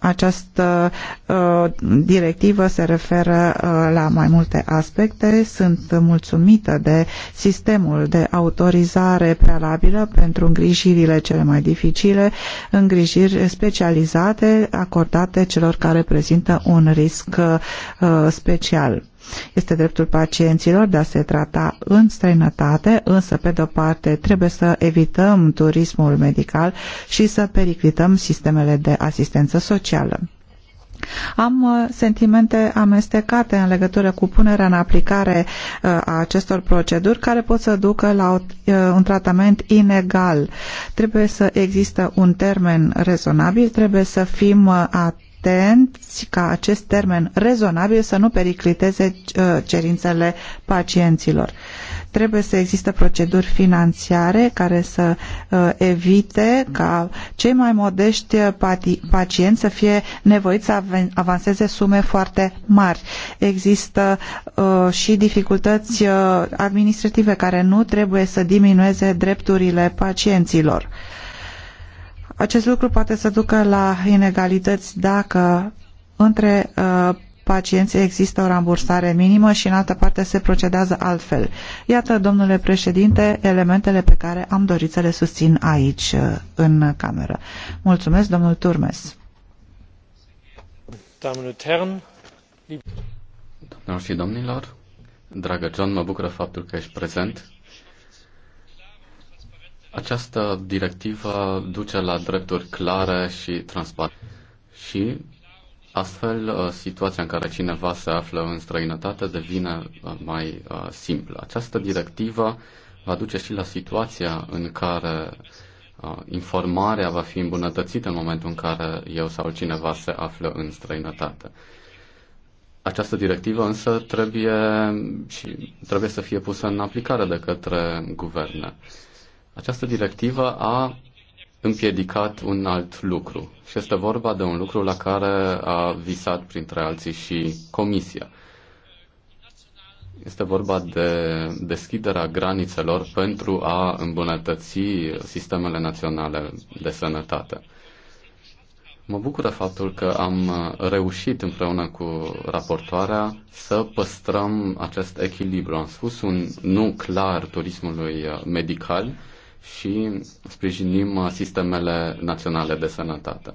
Această uh, directivă se referă uh, la mai multe aspecte. Sunt mulțumită de sistemul de autorizare prealabilă pentru îngrijirile cele mai dificile, îngrijiri specializate acordate celor care prezintă un risc uh, special este dreptul pacienților de a se trata în străinătate, însă, pe de-o parte, trebuie să evităm turismul medical și să periclităm sistemele de asistență socială. Am uh, sentimente amestecate în legătură cu punerea în aplicare uh, a acestor proceduri care pot să ducă la uh, un tratament inegal. Trebuie să există un termen rezonabil, trebuie să fim atenți atenți ca acest termen rezonabil să nu pericliteze uh, cerințele pacienților. Trebuie să existe proceduri financiare care să uh, evite ca cei mai modești pacienți să fie nevoiți să avanseze sume foarte mari. Există uh, și dificultăți administrative care nu trebuie să diminueze drepturile pacienților. Acest lucru poate să ducă la inegalități dacă între uh, pacienți există o rambursare minimă și în altă parte se procedează altfel. Iată, domnule președinte, elementele pe care am dorit să le susțin aici, uh, în cameră. Mulțumesc, domnul Turmes. Doamnelor și domnilor, dragă John, mă bucură faptul că ești prezent această directivă duce la drepturi clare și transparente și astfel uh, situația în care cineva se află în străinătate devine uh, mai uh, simplă. Această directivă va duce și la situația în care informarea va fi îmbunătățită în momentul în care eu sau cineva se află în străinătate. Această directivă însă trebuie, și trebuie să fie pusă în aplicare de către guverne. Această directivă a împiedicat un alt lucru și este vorba de un lucru la care a visat printre alții și Comisia. Este vorba de deschiderea granițelor pentru a îmbunătăți sistemele naționale de sănătate. Mă bucură faptul că am reușit împreună cu raportoarea să păstrăm acest echilibru. Am spus un nu clar turismului medical, și sprijinim uh, sistemele naționale de sănătate.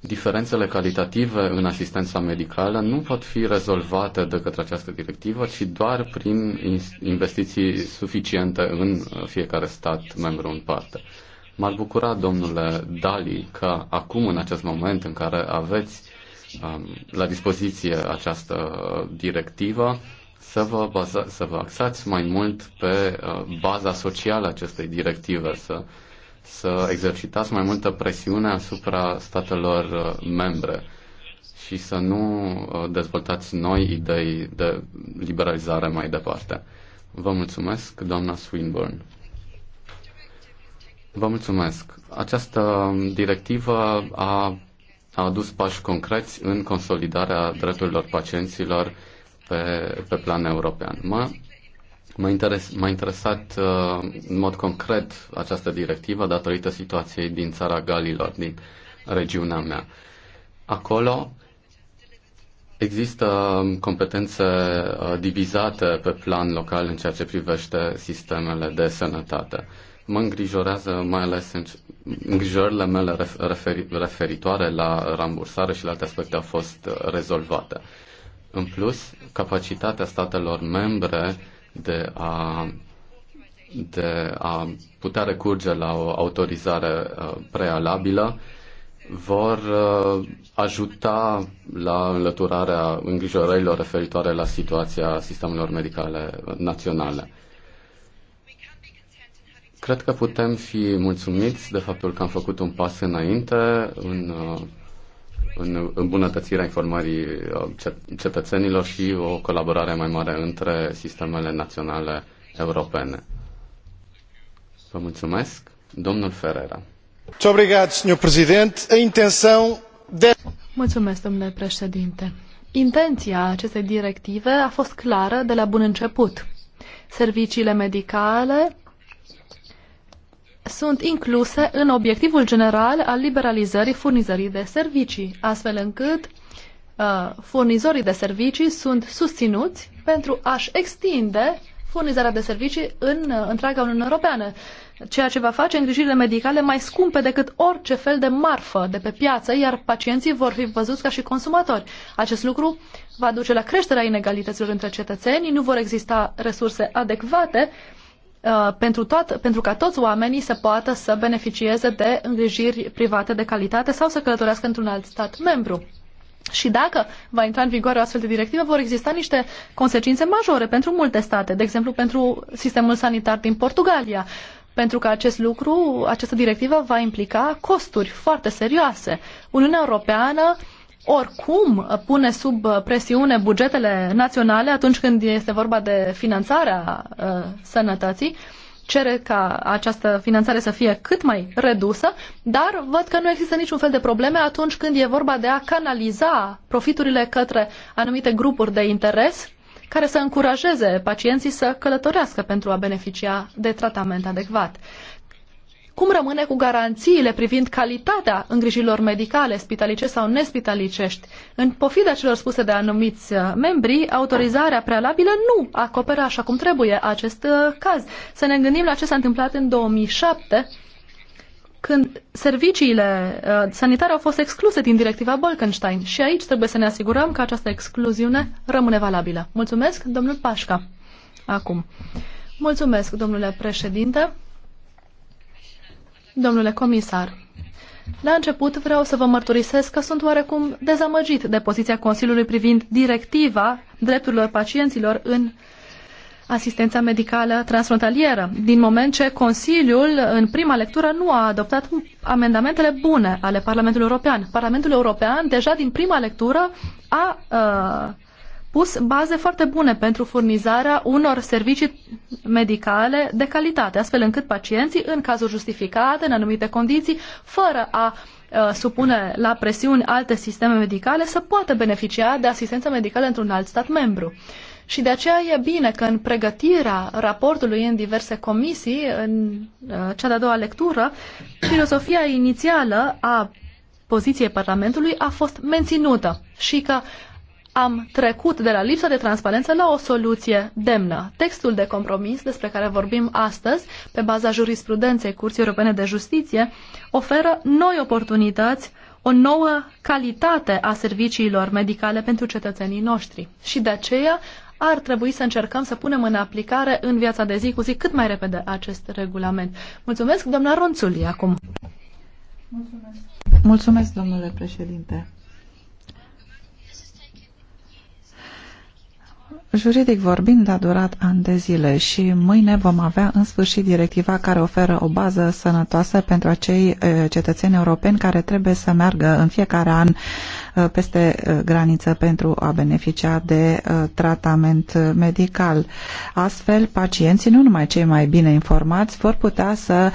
Diferențele calitative în asistența medicală nu pot fi rezolvate de către această directivă, ci doar prin investiții suficiente în uh, fiecare stat membru în parte. M-ar bucura, domnule Dali, că acum, în acest moment în care aveți um, la dispoziție această directivă, să vă, baza, să vă axați mai mult pe uh, baza socială acestei directive, să, să exercitați mai multă presiune asupra statelor uh, membre și să nu uh, dezvoltați noi idei de liberalizare mai departe. Vă mulțumesc, doamna Swinburne. Vă mulțumesc. Această directivă a, a adus pași concreți în consolidarea drepturilor pacienților pe, pe plan european. m-a, interes, m-a interesat uh, în mod concret această directivă datorită situației din țara Galilor, din regiunea mea. Acolo există competențe uh, divizate pe plan local în ceea ce privește sistemele de sănătate mă îngrijorează mai ales în îngrijorările mele referi, referitoare la rambursare și la alte aspecte au fost uh, rezolvate. În plus, capacitatea statelor membre de a, de a putea recurge la o autorizare uh, prealabilă vor uh, ajuta la înlăturarea îngrijorărilor referitoare la situația sistemelor medicale naționale. Cred că putem fi mulțumiți de faptul că am făcut un pas înainte în uh, în îmbunătățirea informării uh, cetățenilor și o colaborare mai mare între sistemele naționale europene. Vă mulțumesc. Domnul Ferreira. Mulțumesc, domnule președinte. Intenția acestei directive a fost clară de la bun început. Serviciile medicale sunt incluse în obiectivul general al liberalizării furnizării de servicii, astfel încât uh, furnizorii de servicii sunt susținuți pentru a-și extinde furnizarea de servicii în uh, întreaga Uniune Europeană, ceea ce va face îngrijirile medicale mai scumpe decât orice fel de marfă de pe piață, iar pacienții vor fi văzuți ca și consumatori. Acest lucru va duce la creșterea inegalităților între cetățenii, nu vor exista resurse adecvate uh, Uh, pentru, toat, pentru ca toți oamenii să poată să beneficieze de îngrijiri private de calitate sau să călătorească într-un alt stat membru. Și dacă va intra în vigoare o astfel de directivă, vor exista niște consecințe majore pentru multe state, de exemplu pentru sistemul sanitar din Portugalia, pentru că acest lucru, această directivă va implica costuri foarte serioase. Uniunea Europeană oricum pune sub uh, presiune bugetele naționale atunci când este vorba de finanțarea uh, sănătății, cere ca această finanțare să fie cât mai redusă, dar văd că nu există niciun fel de probleme atunci când e vorba de a canaliza profiturile către anumite grupuri de interes care să încurajeze pacienții să călătorească pentru a beneficia de tratament adecvat cum rămâne cu garanțiile privind calitatea îngrijirilor medicale, spitalice sau nespitalicești? În pofida celor spuse de anumiți uh, membri, autorizarea prealabilă nu acoperă așa cum trebuie acest uh, caz. Să ne gândim la ce s-a întâmplat în 2007, când serviciile uh, sanitare au fost excluse din directiva Bolkenstein și aici trebuie să ne asigurăm că această excluziune rămâne valabilă. Mulțumesc, domnul Pașca. Acum. Mulțumesc, domnule președinte. Domnule comisar, la început vreau să vă mărturisesc că sunt oarecum dezamăgit de poziția Consiliului privind directiva drepturilor pacienților în asistența medicală transfrontalieră, din moment ce Consiliul, în prima lectură, nu a adoptat amendamentele bune ale Parlamentului European. Parlamentul European, deja din prima lectură, a uh, pus baze foarte bune pentru furnizarea unor servicii medicale de calitate, astfel încât pacienții, în cazuri justificate, în anumite condiții, fără a uh, supune la presiuni alte sisteme medicale, să poată beneficia de asistență medicală într-un alt stat membru. Și de aceea e bine că în pregătirea raportului în diverse comisii, în uh, cea de-a doua lectură, filosofia inițială a poziției Parlamentului a fost menținută și că am trecut de la lipsa de transparență la o soluție demnă. Textul de compromis despre care vorbim astăzi, pe baza jurisprudenței Curții Europene de Justiție, oferă noi oportunități, o nouă calitate a serviciilor medicale pentru cetățenii noștri. Și de aceea ar trebui să încercăm să punem în aplicare în viața de zi cu zi cât mai repede acest regulament. Mulțumesc, doamna Ronțuli, acum. Mulțumesc. Mulțumesc, domnule președinte. Juridic vorbind, a durat ani de zile și mâine vom avea în sfârșit directiva care oferă o bază sănătoasă pentru acei cetățeni europeni care trebuie să meargă în fiecare an peste graniță pentru a beneficia de tratament medical. Astfel, pacienții, nu numai cei mai bine informați, vor putea să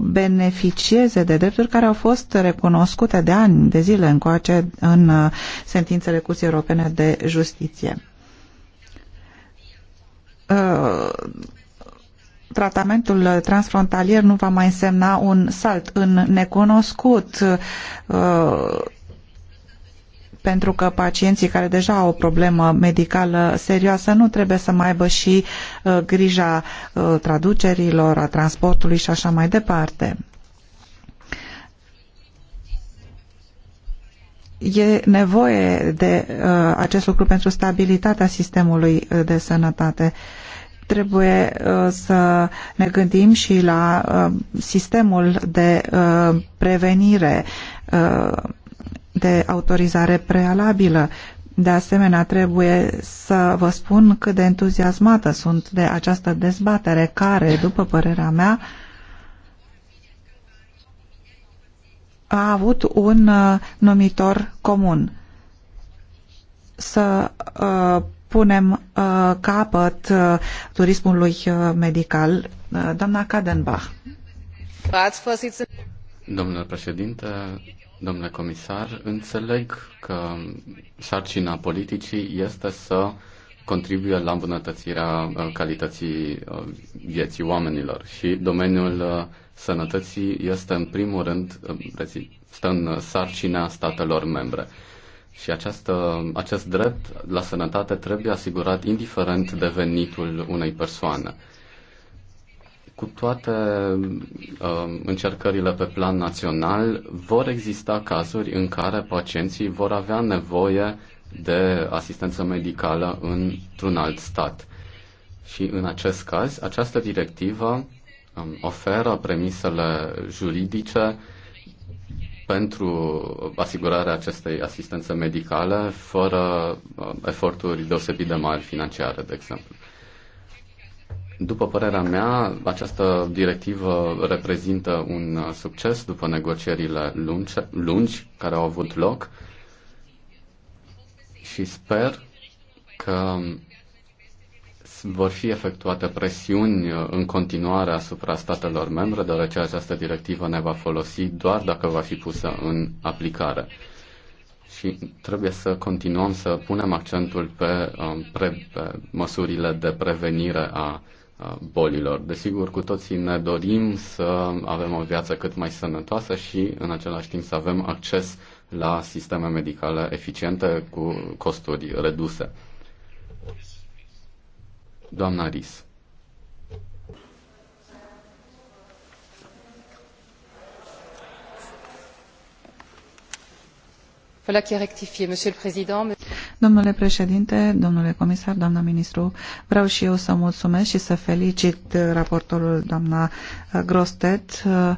beneficieze de drepturi care au fost recunoscute de ani de zile încoace în sentințele Curții Europene de Justiție. Uh, tratamentul transfrontalier nu va mai însemna un salt în necunoscut uh, pentru că pacienții care deja au o problemă medicală serioasă nu trebuie să mai aibă și uh, grija traducerilor, a transportului și așa mai departe. E nevoie de uh, acest lucru pentru stabilitatea sistemului uh, de sănătate. Trebuie uh, să ne gândim și la uh, sistemul de uh, prevenire, uh, de autorizare prealabilă. De asemenea, trebuie să vă spun cât de entuziasmată sunt de această dezbatere care, după părerea mea, uh, a avut un uh, numitor comun. Să uh, punem uh, capăt turismului medical. Doamna Kadenbach. Domnule președinte, domnule comisar, înțeleg că sarcina politicii este să contribuie la îmbunătățirea uh, calității uh, vieții oamenilor și domeniul uh, sănătății este în primul rând stă în sarcina statelor membre. Și această, acest drept la sănătate trebuie asigurat indiferent de venitul unei persoane cu toate uh, încercările pe plan național, vor exista cazuri în care pacienții vor avea nevoie de asistență medicală într-un alt stat. Și în acest caz, această directivă um, oferă premisele juridice pentru asigurarea acestei asistențe medicale fără um, eforturi deosebit de mari financiare, de exemplu. După părerea mea, această directivă reprezintă un succes după negocierile lungi, lungi care au avut loc și sper că vor fi efectuate presiuni uh, în continuare asupra statelor membre, deoarece această directivă ne va folosi doar dacă va fi pusă în aplicare. Și trebuie să continuăm să punem accentul pe, um, pre, pe măsurile de prevenire a bolilor. Desigur, cu toții ne dorim să avem o viață cât mai sănătoasă și, în același timp, să avem acces uh, la sisteme medicale eficiente cu costuri reduse. Doamna Ris. Domnule președinte, domnule comisar, doamna ministru, vreau și eu să mulțumesc și să felicit raportorul doamna Grostet uh,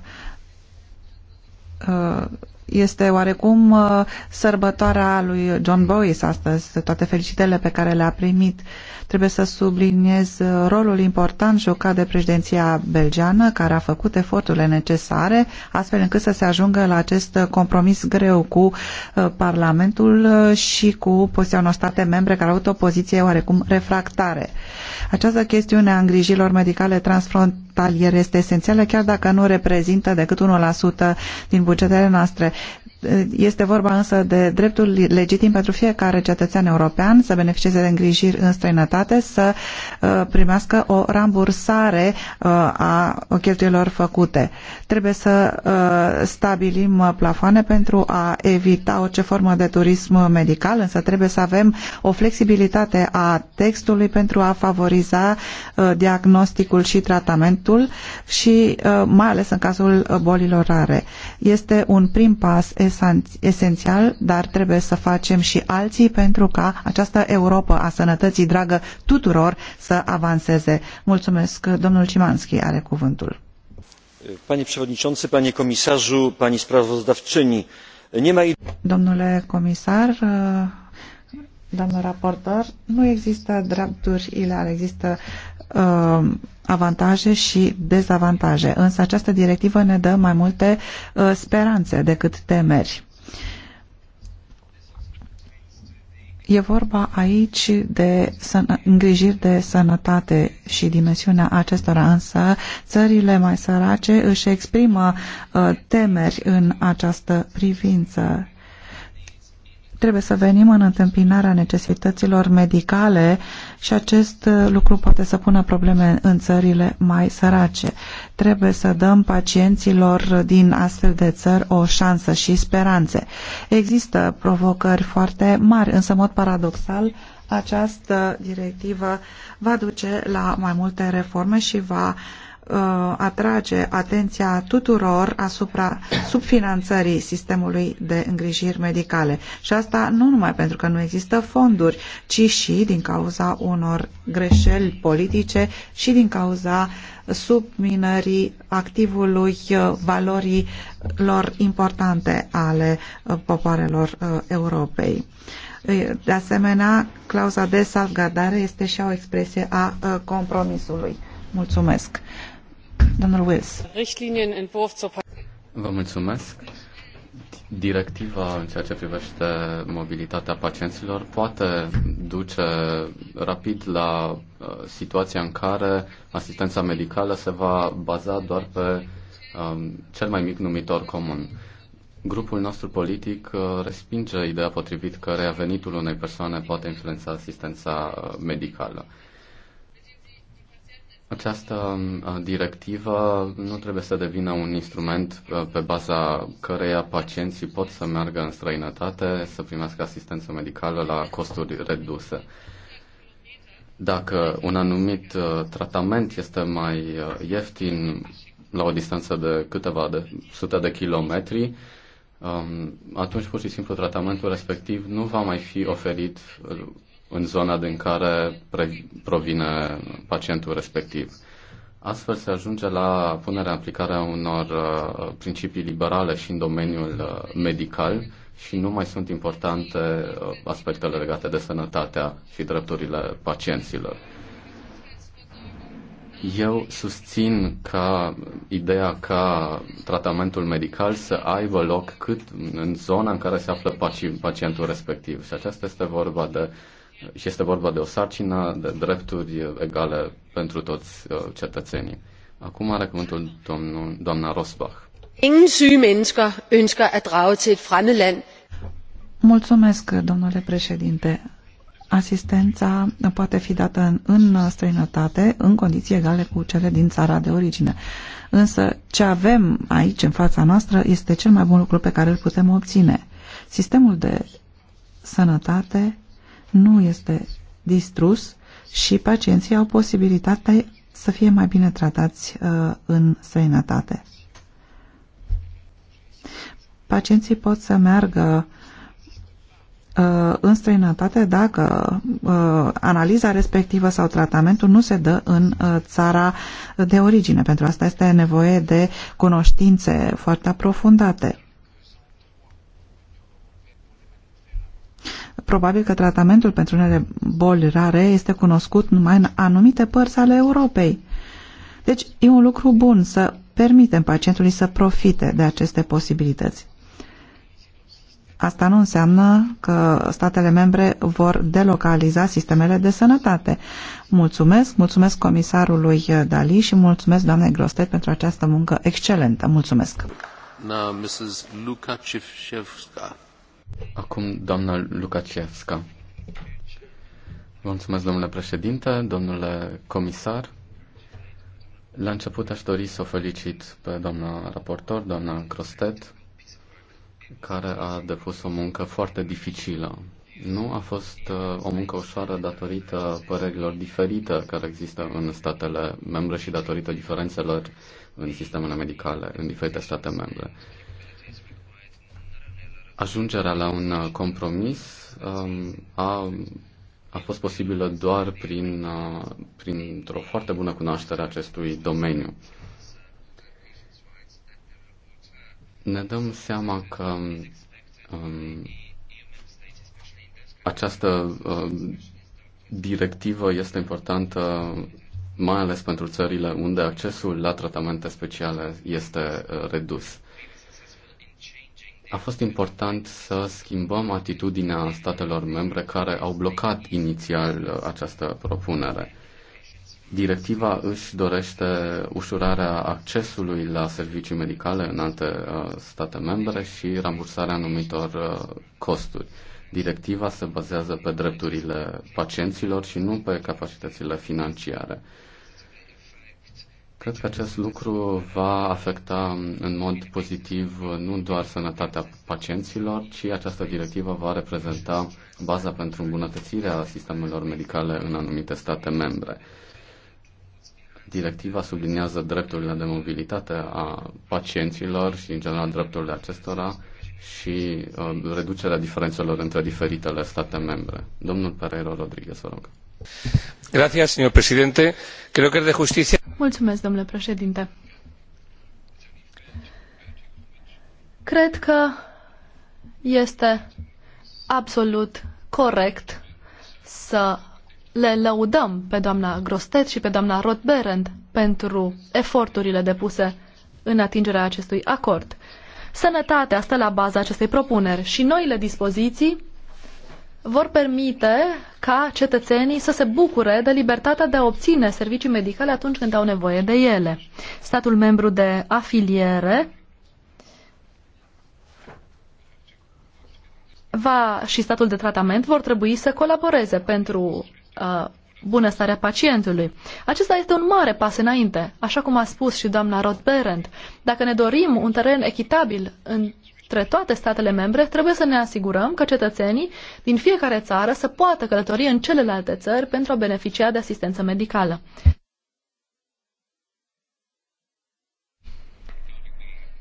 uh, este oarecum uh, sărbătoarea lui John Boyce astăzi, toate felicitările pe care le-a primit. Trebuie să subliniez uh, rolul important jucat de președinția belgeană, care a făcut eforturile necesare, astfel încât să se ajungă la acest compromis greu cu uh, Parlamentul uh, și cu poziția unor state membre care au avut o poziție oarecum refractare. Această chestiune a îngrijilor medicale transfrontaliere este esențială, chiar dacă nu reprezintă decât 1% din bugetele noastre. Este vorba însă de dreptul legitim pentru fiecare cetățean european să beneficieze de îngrijiri în străinătate, să uh, primească o rambursare uh, a cheltuielor făcute. Trebuie să uh, stabilim plafoane pentru a evita orice formă de turism medical, însă trebuie să avem o flexibilitate a textului pentru a favoriza diagnosticul și tratamentul și mai ales în cazul bolilor rare. Este un prim pas esențial, dar trebuie să facem și alții pentru ca această Europa a sănătății dragă tuturor să avanseze. Mulțumesc. Domnul Cimanski are cuvântul. Panie președinte, panie komisarzu, pani sprawozdawczyni, nie ma... Domnule comisar, doamnă raportor, nu există drepturi ilegale, există uh, avantaje și dezavantaje, însă această directivă ne dă mai multe uh, speranțe decât temeri. E vorba aici de îngrijiri de sănătate și dimensiunea acestora, însă țările mai sărace își exprimă uh, temeri în această privință trebuie să venim în întâmpinarea necesităților medicale și acest uh, lucru poate să pună probleme în țările mai sărace. Trebuie să dăm pacienților din astfel de țări o șansă și speranțe. Există provocări foarte mari, însă, în mod paradoxal, această directivă va duce la mai multe reforme și va Uh, atrage atenția tuturor asupra subfinanțării sistemului de îngrijiri medicale. Și asta nu numai pentru că nu există fonduri, ci și din cauza unor greșeli politice și din cauza subminării activului uh, valorii lor importante ale uh, popoarelor Europei. De asemenea, clauza de salvgardare este și o expresie a compromisului. Mulțumesc. Domnul Wills. Vă mulțumesc. Directiva în ceea ce privește mobilitatea pacienților poate duce rapid la uh, situația în care asistența medicală se va baza doar pe um, cel mai mic numitor comun. Grupul nostru politic uh, respinge ideea potrivit că venitul unei persoane poate influența asistența uh, medicală. Această uh, directivă nu trebuie să devină un instrument uh, pe baza căreia pacienții pot să meargă în străinătate, să primească asistență medicală la costuri reduse. Dacă un anumit uh, tratament este mai ieftin la o distanță de câteva de sute de kilometri, um, atunci pur și simplu tratamentul respectiv nu va mai fi oferit în zona din care provine pacientul respectiv. Astfel se ajunge la punerea în aplicare unor uh, principii liberale și în domeniul uh, medical și nu mai sunt importante uh, aspectele legate de sănătatea și drepturile pacienților. Eu susțin ca ideea ca tratamentul medical să aibă loc cât în zona în care se află pacientul respectiv. Și aceasta este vorba de uh, și este vorba de o sarcină de drepturi egale pentru toți uh, cetățenii. Acum are cuvântul domnul, doamna Rosbach. Ingen syge mennesker ønsker at drage til et fremmed land. Mulțumesc, domnule președinte. Asistența poate fi dată în, în străinătate, în condiții egale cu cele din țara de origine. Însă ce avem aici, în fața noastră, este cel mai bun lucru pe care îl putem obține. Sistemul de sănătate nu este distrus și pacienții au posibilitatea să fie mai bine tratați uh, în străinătate. Pacienții pot să meargă uh, în străinătate dacă uh, analiza respectivă sau tratamentul nu se dă în uh, țara de origine. Pentru asta este nevoie de cunoștințe foarte aprofundate. Probabil că tratamentul pentru unele boli rare este cunoscut numai în anumite părți ale Europei. Deci e un lucru bun să permitem pacientului să profite de aceste posibilități. Asta nu înseamnă că statele membre vor delocaliza sistemele de sănătate. Mulțumesc, mulțumesc comisarului Dali și mulțumesc doamnei Grostet pentru această muncă excelentă. Mulțumesc! Now, Mrs. Acum doamna Lukacievska. mulțumesc, domnule președinte, domnule comisar. La început aș dori să o felicit pe doamna raportor, doamna Crostet, care a depus o muncă foarte dificilă. Nu a fost uh, o muncă ușoară datorită părerilor diferite care există în statele membre și datorită diferențelor în sistemele medicale în diferite state membre. Ajungerea la un uh, compromis um, a, a fost posibilă doar prin, uh, printr-o foarte bună cunoaștere a acestui domeniu. Ne dăm seama că um, această uh, directivă este importantă mai ales pentru țările unde accesul la tratamente speciale este uh, redus. A fost important să schimbăm atitudinea statelor membre care au blocat inițial uh, această propunere. Directiva își dorește ușurarea accesului la servicii medicale în alte uh, state membre și rambursarea anumitor uh, costuri. Directiva se bazează pe drepturile pacienților și nu pe capacitățile financiare. Cred că acest lucru va afecta în mod pozitiv nu doar sănătatea pacienților, ci această directivă va reprezenta baza pentru îmbunătățirea sistemelor medicale în anumite state membre. Directiva subliniază drepturile de mobilitate a pacienților și, în general, drepturile acestora și uh, reducerea diferențelor între diferitele state membre. Domnul Pereiro Rodriguez, vă rog. Gracias, señor presidente. Creo que es de justicia Mulțumesc, domnule președinte. Cred că este absolut corect să le lăudăm pe doamna Grostet și pe doamna Rothberend pentru eforturile depuse în atingerea acestui acord. Sănătatea stă la baza acestei propuneri și noile dispoziții vor permite ca cetățenii să se bucure de libertatea de a obține servicii medicale atunci când au nevoie de ele. Statul membru de afiliere va și statul de tratament vor trebui să colaboreze pentru uh, bunăstarea pacientului. Acesta este un mare pas înainte, așa cum a spus și doamna Rod Berend. Dacă ne dorim un teren echitabil în între toate statele membre, trebuie să ne asigurăm că cetățenii din fiecare țară să poată călători în celelalte țări pentru a beneficia de asistență medicală.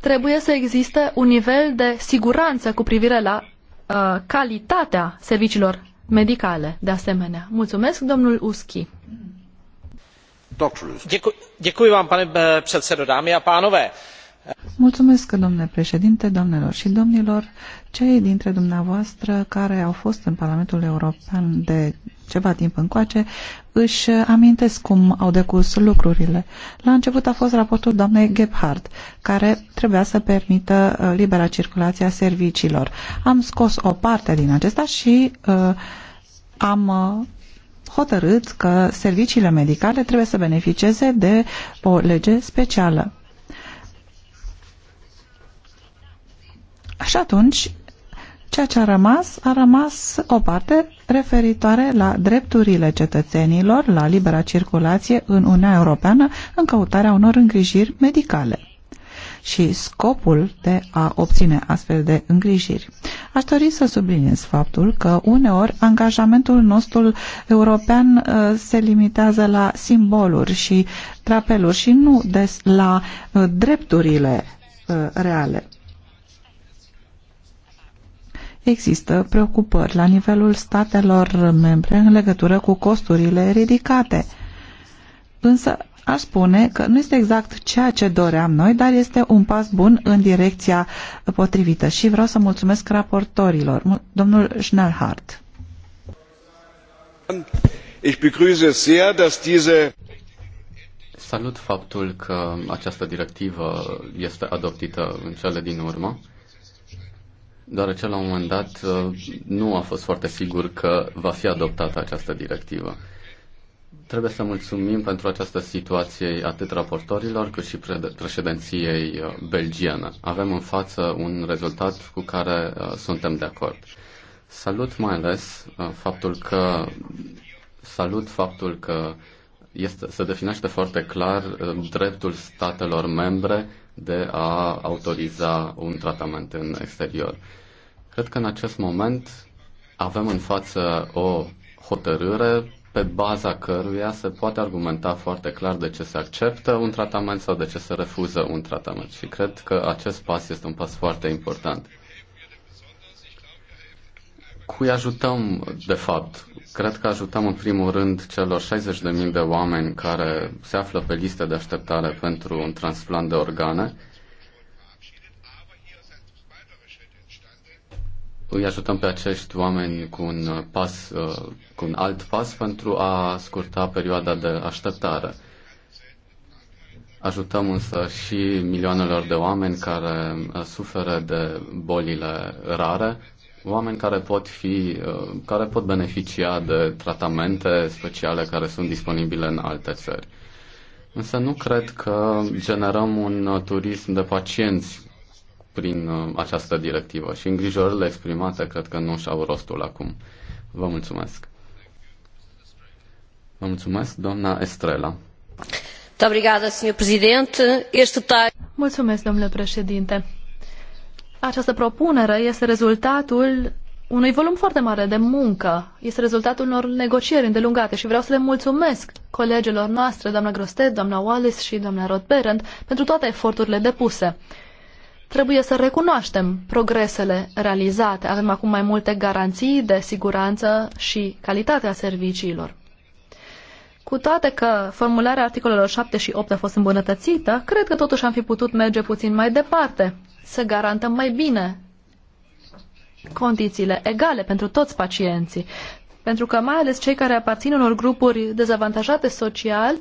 Trebuie să existe un nivel de siguranță cu privire la uh, calitatea serviciilor medicale, de asemenea. Mulțumesc, domnul Uschi. Děkuji vám, pane eh, předsedo, dámy a pánové Mulțumesc, domnule președinte, domnilor și domnilor. Cei dintre dumneavoastră care au fost în Parlamentul European de ceva timp încoace, își amintesc cum au decurs lucrurile. La început a fost raportul doamnei Gebhardt, care trebuia să permită uh, libera circulație a serviciilor. Am scos o parte din acesta și uh, am uh, hotărât că serviciile medicale trebuie să beneficieze de o lege specială. Și atunci, ceea ce a rămas, a rămas o parte referitoare la drepturile cetățenilor la libera circulație în Uniunea Europeană în căutarea unor îngrijiri medicale și scopul de a obține astfel de îngrijiri. Aș dori să subliniez faptul că uneori angajamentul nostru european uh, se limitează la simboluri și trapeluri și nu des la uh, drepturile uh, reale există preocupări la nivelul statelor membre în legătură cu costurile ridicate. Însă aș spune că nu este exact ceea ce doream noi, dar este un pas bun în direcția potrivită și vreau să mulțumesc raportorilor. Domnul Schnellhardt. Ich begrüße sehr, dass diese Salut faptul că această directivă este adoptată în cele din urmă deoarece la un moment dat uh, nu a fost foarte sigur că va fi adoptată această directivă. Trebuie să mulțumim pentru această situație atât raportorilor cât și președinției uh, belgiană. Avem în față un rezultat cu care uh, suntem de acord. Salut mai ales faptul că salut faptul că este, se definește foarte clar dreptul statelor membre de a autoriza un tratament în exterior. Cred că în acest moment avem în față o hotărâre pe baza căruia se poate argumenta foarte clar de ce se acceptă un tratament sau de ce se refuză un tratament. Și cred că acest pas este un pas foarte important. Cui ajutăm, de fapt? Cred că ajutăm în primul rând celor 60.000 de oameni care se află pe listă de așteptare pentru un transplant de organe. Îi ajutăm pe acești oameni cu un, pas, uh, cu un alt pas pentru a scurta perioada de așteptare. Ajutăm însă și milioanelor de oameni care suferă de bolile rare oameni care pot, fi, uh, care pot beneficia de tratamente speciale care sunt disponibile în alte țări. Însă nu cred că generăm un uh, turism de pacienți prin uh, această directivă și îngrijorările exprimate cred că nu și-au rostul acum. Vă mulțumesc. Vă mulțumesc, doamna Estrela. Mulțumesc, domnule președinte această propunere este rezultatul unui volum foarte mare de muncă. Este rezultatul unor negocieri îndelungate și vreau să le mulțumesc colegilor noastre, doamna Grosted, doamna Wallace și doamna Rothberend, pentru toate eforturile depuse. Trebuie să recunoaștem progresele realizate. Avem acum mai multe garanții de siguranță și calitatea serviciilor. Cu toate că formularea articolelor 7 și 8 a fost îmbunătățită, cred că totuși am fi putut merge puțin mai departe să garantăm mai bine condițiile egale pentru toți pacienții. Pentru că mai ales cei care aparțin unor grupuri dezavantajate social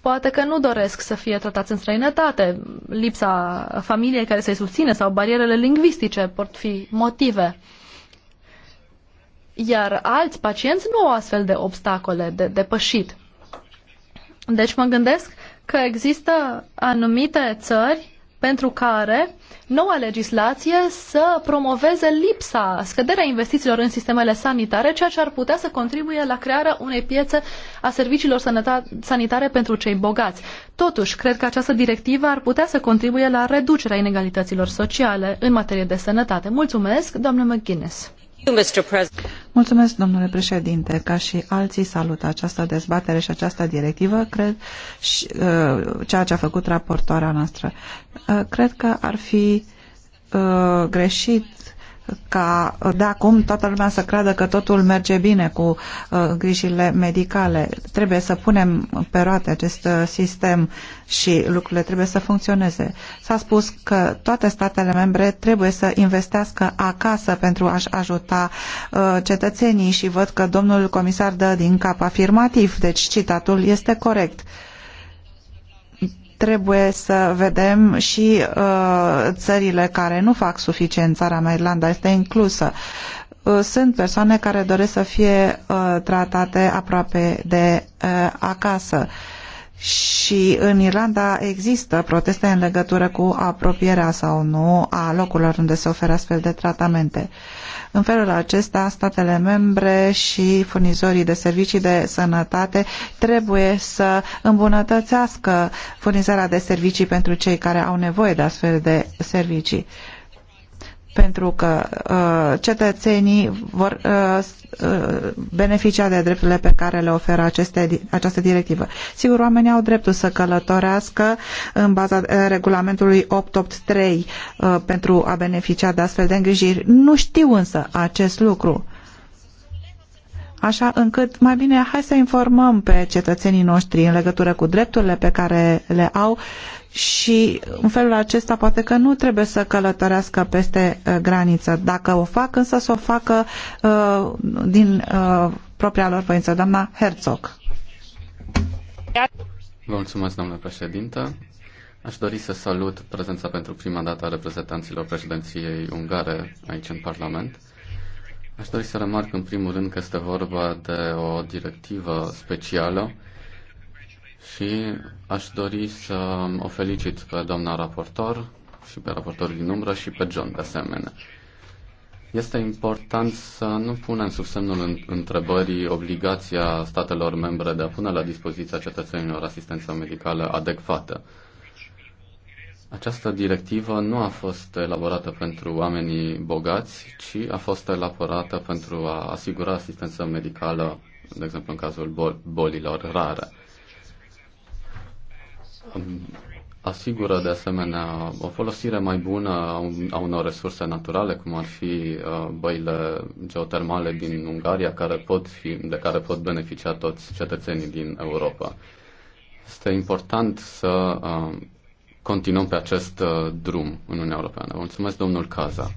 poate că nu doresc să fie tratați în străinătate. Lipsa familiei care să-i susține sau barierele lingvistice pot fi motive. Iar alți pacienți nu au astfel de obstacole de depășit. Deci mă gândesc că există anumite țări pentru care noua legislație să promoveze lipsa, scăderea investițiilor în sistemele sanitare, ceea ce ar putea să contribuie la crearea unei piețe a serviciilor sanitare pentru cei bogați. Totuși, cred că această directivă ar putea să contribuie la reducerea inegalităților sociale în materie de sănătate. Mulțumesc, doamnă McGuinness. Mulțumesc, domnule președinte. Ca și alții salut această dezbatere și această directivă, cred, și uh, ceea ce a făcut raportoarea noastră. Uh, cred că ar fi uh, greșit ca de acum toată lumea să creadă că totul merge bine cu uh, grijile medicale. Trebuie să punem pe roate acest uh, sistem și lucrurile trebuie să funcționeze. S-a spus că toate statele membre trebuie să investească acasă pentru a-și ajuta uh, cetățenii și văd că domnul comisar dă din cap afirmativ, deci citatul este corect. Uh, trebuie să vedem și uh, țările care nu fac suficient. Țara mea, Irlanda, este inclusă. Uh, sunt persoane care doresc să fie uh, tratate aproape de uh, acasă. Și și în Irlanda există proteste în legătură cu apropierea sau nu a locurilor unde se oferă astfel de tratamente. În felul acesta, statele membre și furnizorii de servicii de sănătate trebuie să îmbunătățească furnizarea de servicii pentru cei care au nevoie de astfel de servicii pentru că uh, cetățenii vor uh, uh, beneficia de drepturile pe care le oferă aceste, această directivă. Sigur, oamenii au dreptul să călătorească în baza uh, regulamentului 883 uh, pentru a beneficia de astfel de îngrijiri. Nu știu însă acest lucru. Așa încât mai bine hai să informăm pe cetățenii noștri în legătură cu drepturile pe care le au și în felul acesta poate că nu trebuie să călătorească peste uh, graniță. Dacă o fac, însă să o facă uh, din uh, propria lor voință. Doamna Herzog. Vă mulțumesc, doamnă președintă. Aș dori să salut prezența pentru prima dată a reprezentanților președinției ungare aici în Parlament. Aș dori să remarc în primul rând că este vorba de o directivă specială și aș dori să o felicit pe doamna raportor și pe raportorul din umbră și pe John de asemenea. Este important să nu punem sub semnul întrebării obligația statelor membre de a pune la dispoziția cetățenilor asistență medicală adecvată. Această directivă nu a fost elaborată pentru oamenii bogați, ci a fost elaborată pentru a asigura asistență medicală, de exemplu în cazul bol- bolilor rare asigură de asemenea o folosire mai bună a unor resurse naturale, cum ar fi uh, băile geotermale din Ungaria, care pot fi, de care pot beneficia toți cetățenii din Europa. Este important să uh, continuăm pe acest uh, drum în Uniunea Europeană. Mulțumesc, domnul Caza.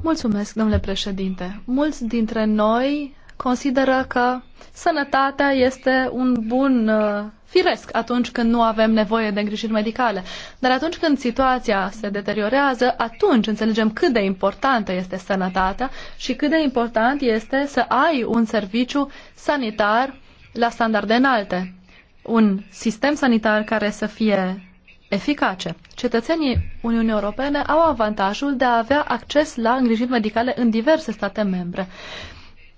Mulțumesc, domnule președinte. Mulți dintre noi consideră că sănătatea este un bun uh, firesc atunci când nu avem nevoie de îngrijiri medicale. Dar atunci când situația se deteriorează, atunci înțelegem cât de importantă este sănătatea și cât de important este să ai un serviciu sanitar la standarde înalte. Un sistem sanitar care să fie eficace. Cetățenii Uniunii Europene au avantajul de a avea acces la îngrijiri medicale în diverse state membre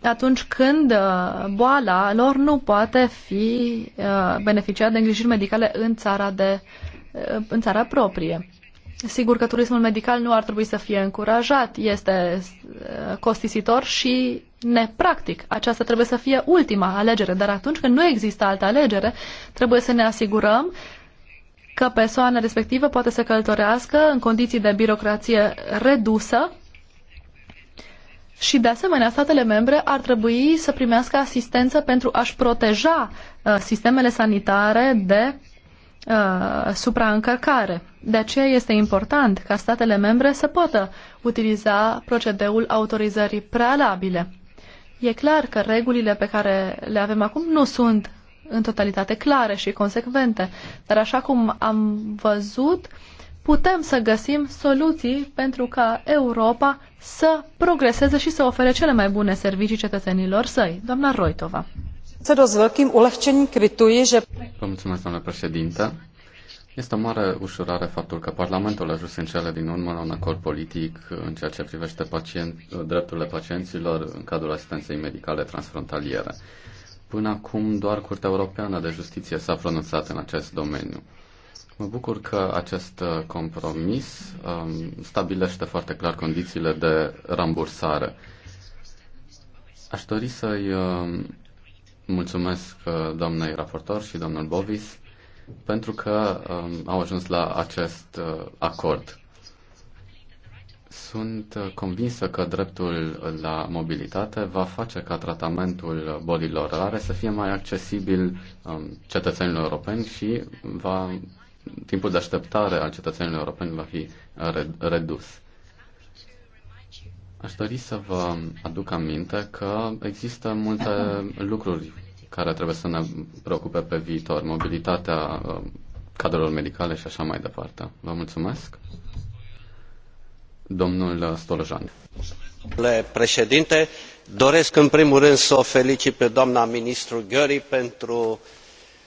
atunci când uh, boala lor nu poate fi uh, beneficiat de îngrijiri medicale în țara, de, uh, în țara proprie. Sigur că turismul medical nu ar trebui să fie încurajat, este costisitor și nepractic. Aceasta trebuie să fie ultima alegere, dar atunci când nu există altă alegere, trebuie să ne asigurăm că persoana respectivă poate să călătorească în condiții de birocrație redusă și, de asemenea, statele membre ar trebui să primească asistență pentru a-și proteja uh, sistemele sanitare de uh, supraîncărcare. De aceea este important ca statele membre să poată utiliza procedeul autorizării prealabile. E clar că regulile pe care le avem acum nu sunt în totalitate clare și consecvente, dar așa cum am văzut, putem să găsim soluții pentru ca Europa să progreseze și să ofere cele mai bune servicii cetățenilor săi. Doamna Roitova. Vă mulțumesc, doamnă președintă. Este o mare ușurare faptul că Parlamentul a ajuns în cele din urmă la un acord politic în ceea ce privește pacient, drepturile pacienților în cadrul asistenței medicale transfrontaliere. Până acum, doar Curtea Europeană de Justiție s-a pronunțat în acest domeniu. Mă bucur că acest uh, compromis um, stabilește foarte clar condițiile de rambursare. Aș dori să-i um, mulțumesc uh, doamnei raportor și domnul Bovis pentru că um, au ajuns la acest uh, acord. Sunt uh, convinsă că dreptul la mobilitate va face ca tratamentul bolilor rare să fie mai accesibil um, cetățenilor europeni și va timpul de așteptare al cetățenilor europeni va fi uh, redus. Aș dori să vă aduc aminte că există multe lucruri care trebuie să ne preocupe pe viitor, mobilitatea uh, cadrelor medicale și așa mai departe. Vă mulțumesc. Domnul uh, Stolojan. Domnule președinte, doresc în primul rând să o felicit pe doamna ministru Gheori pentru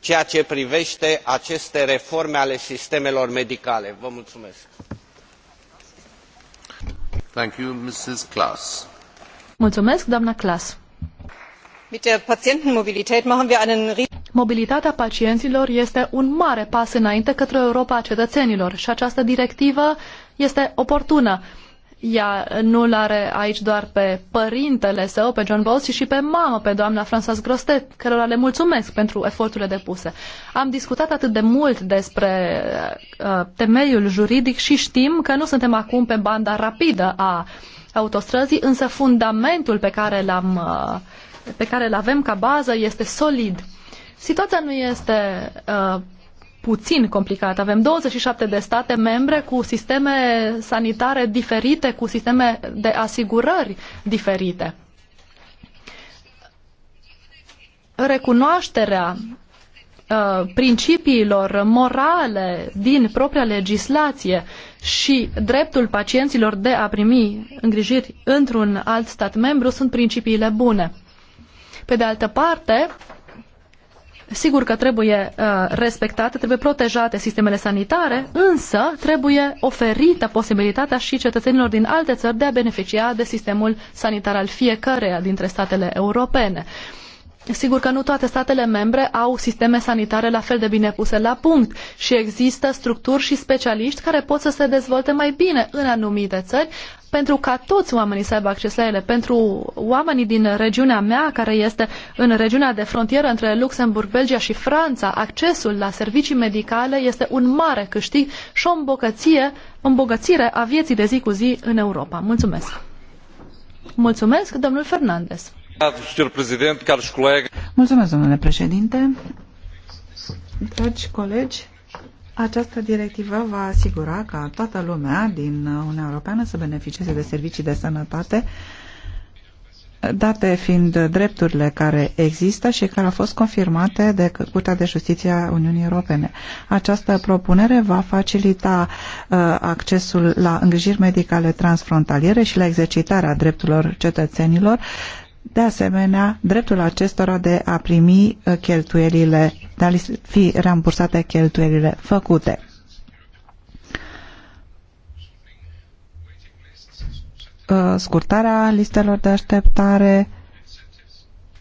ceea ce privete aceste reforme ale sistemelor medicale. Vă mulțumesc. Mulțumesc, doamna Klaas. Mobilitatea pacienților este un mare pas înainte către Europa a cetățenilor și această directivă este oportună ea nu-l are aici doar pe părintele său, pe John Bowles, ci și pe mamă, pe doamna Françoise Grostet, cărora le mulțumesc pentru eforturile depuse. Am discutat atât de mult despre uh, temeiul juridic și știm că nu suntem acum pe banda rapidă a autostrăzii, însă fundamentul pe care l-am uh, pe care îl avem ca bază este solid. Situația nu este uh, puțin complicat. Avem 27 de state membre cu sisteme sanitare diferite, cu sisteme de asigurări diferite. Recunoașterea uh, principiilor morale din propria legislație și dreptul pacienților de a primi îngrijiri într-un alt stat membru sunt principiile bune. Pe de altă parte, Sigur că trebuie uh, respectate, trebuie protejate sistemele sanitare, însă trebuie oferită posibilitatea și cetățenilor din alte țări de a beneficia de sistemul sanitar al fiecăreia dintre statele europene. Sigur că nu toate statele membre au sisteme sanitare la fel de bine puse la punct și există structuri și specialiști care pot să se dezvolte mai bine în anumite țări pentru ca toți oamenii să aibă acces la ele. Pentru oamenii din regiunea mea, care este în regiunea de frontieră între Luxemburg, Belgia și Franța, accesul la servicii medicale este un mare câștig și o îmbogăție, îmbogățire a vieții de zi cu zi în Europa. Mulțumesc! Mulțumesc, domnul Fernandez! Mulțumesc, domnule președinte. Dragi colegi, această directivă va asigura ca toată lumea din Uniunea Europeană să beneficieze de servicii de sănătate, date fiind drepturile care există și care au fost confirmate de Curtea de Justiție a Uniunii Europene. Această propunere va facilita uh, accesul la îngrijiri medicale transfrontaliere și la exercitarea drepturilor cetățenilor de asemenea, dreptul acestora de a primi uh, cheltuielile, de a fi rambursate cheltuielile făcute. Uh, scurtarea listelor de așteptare,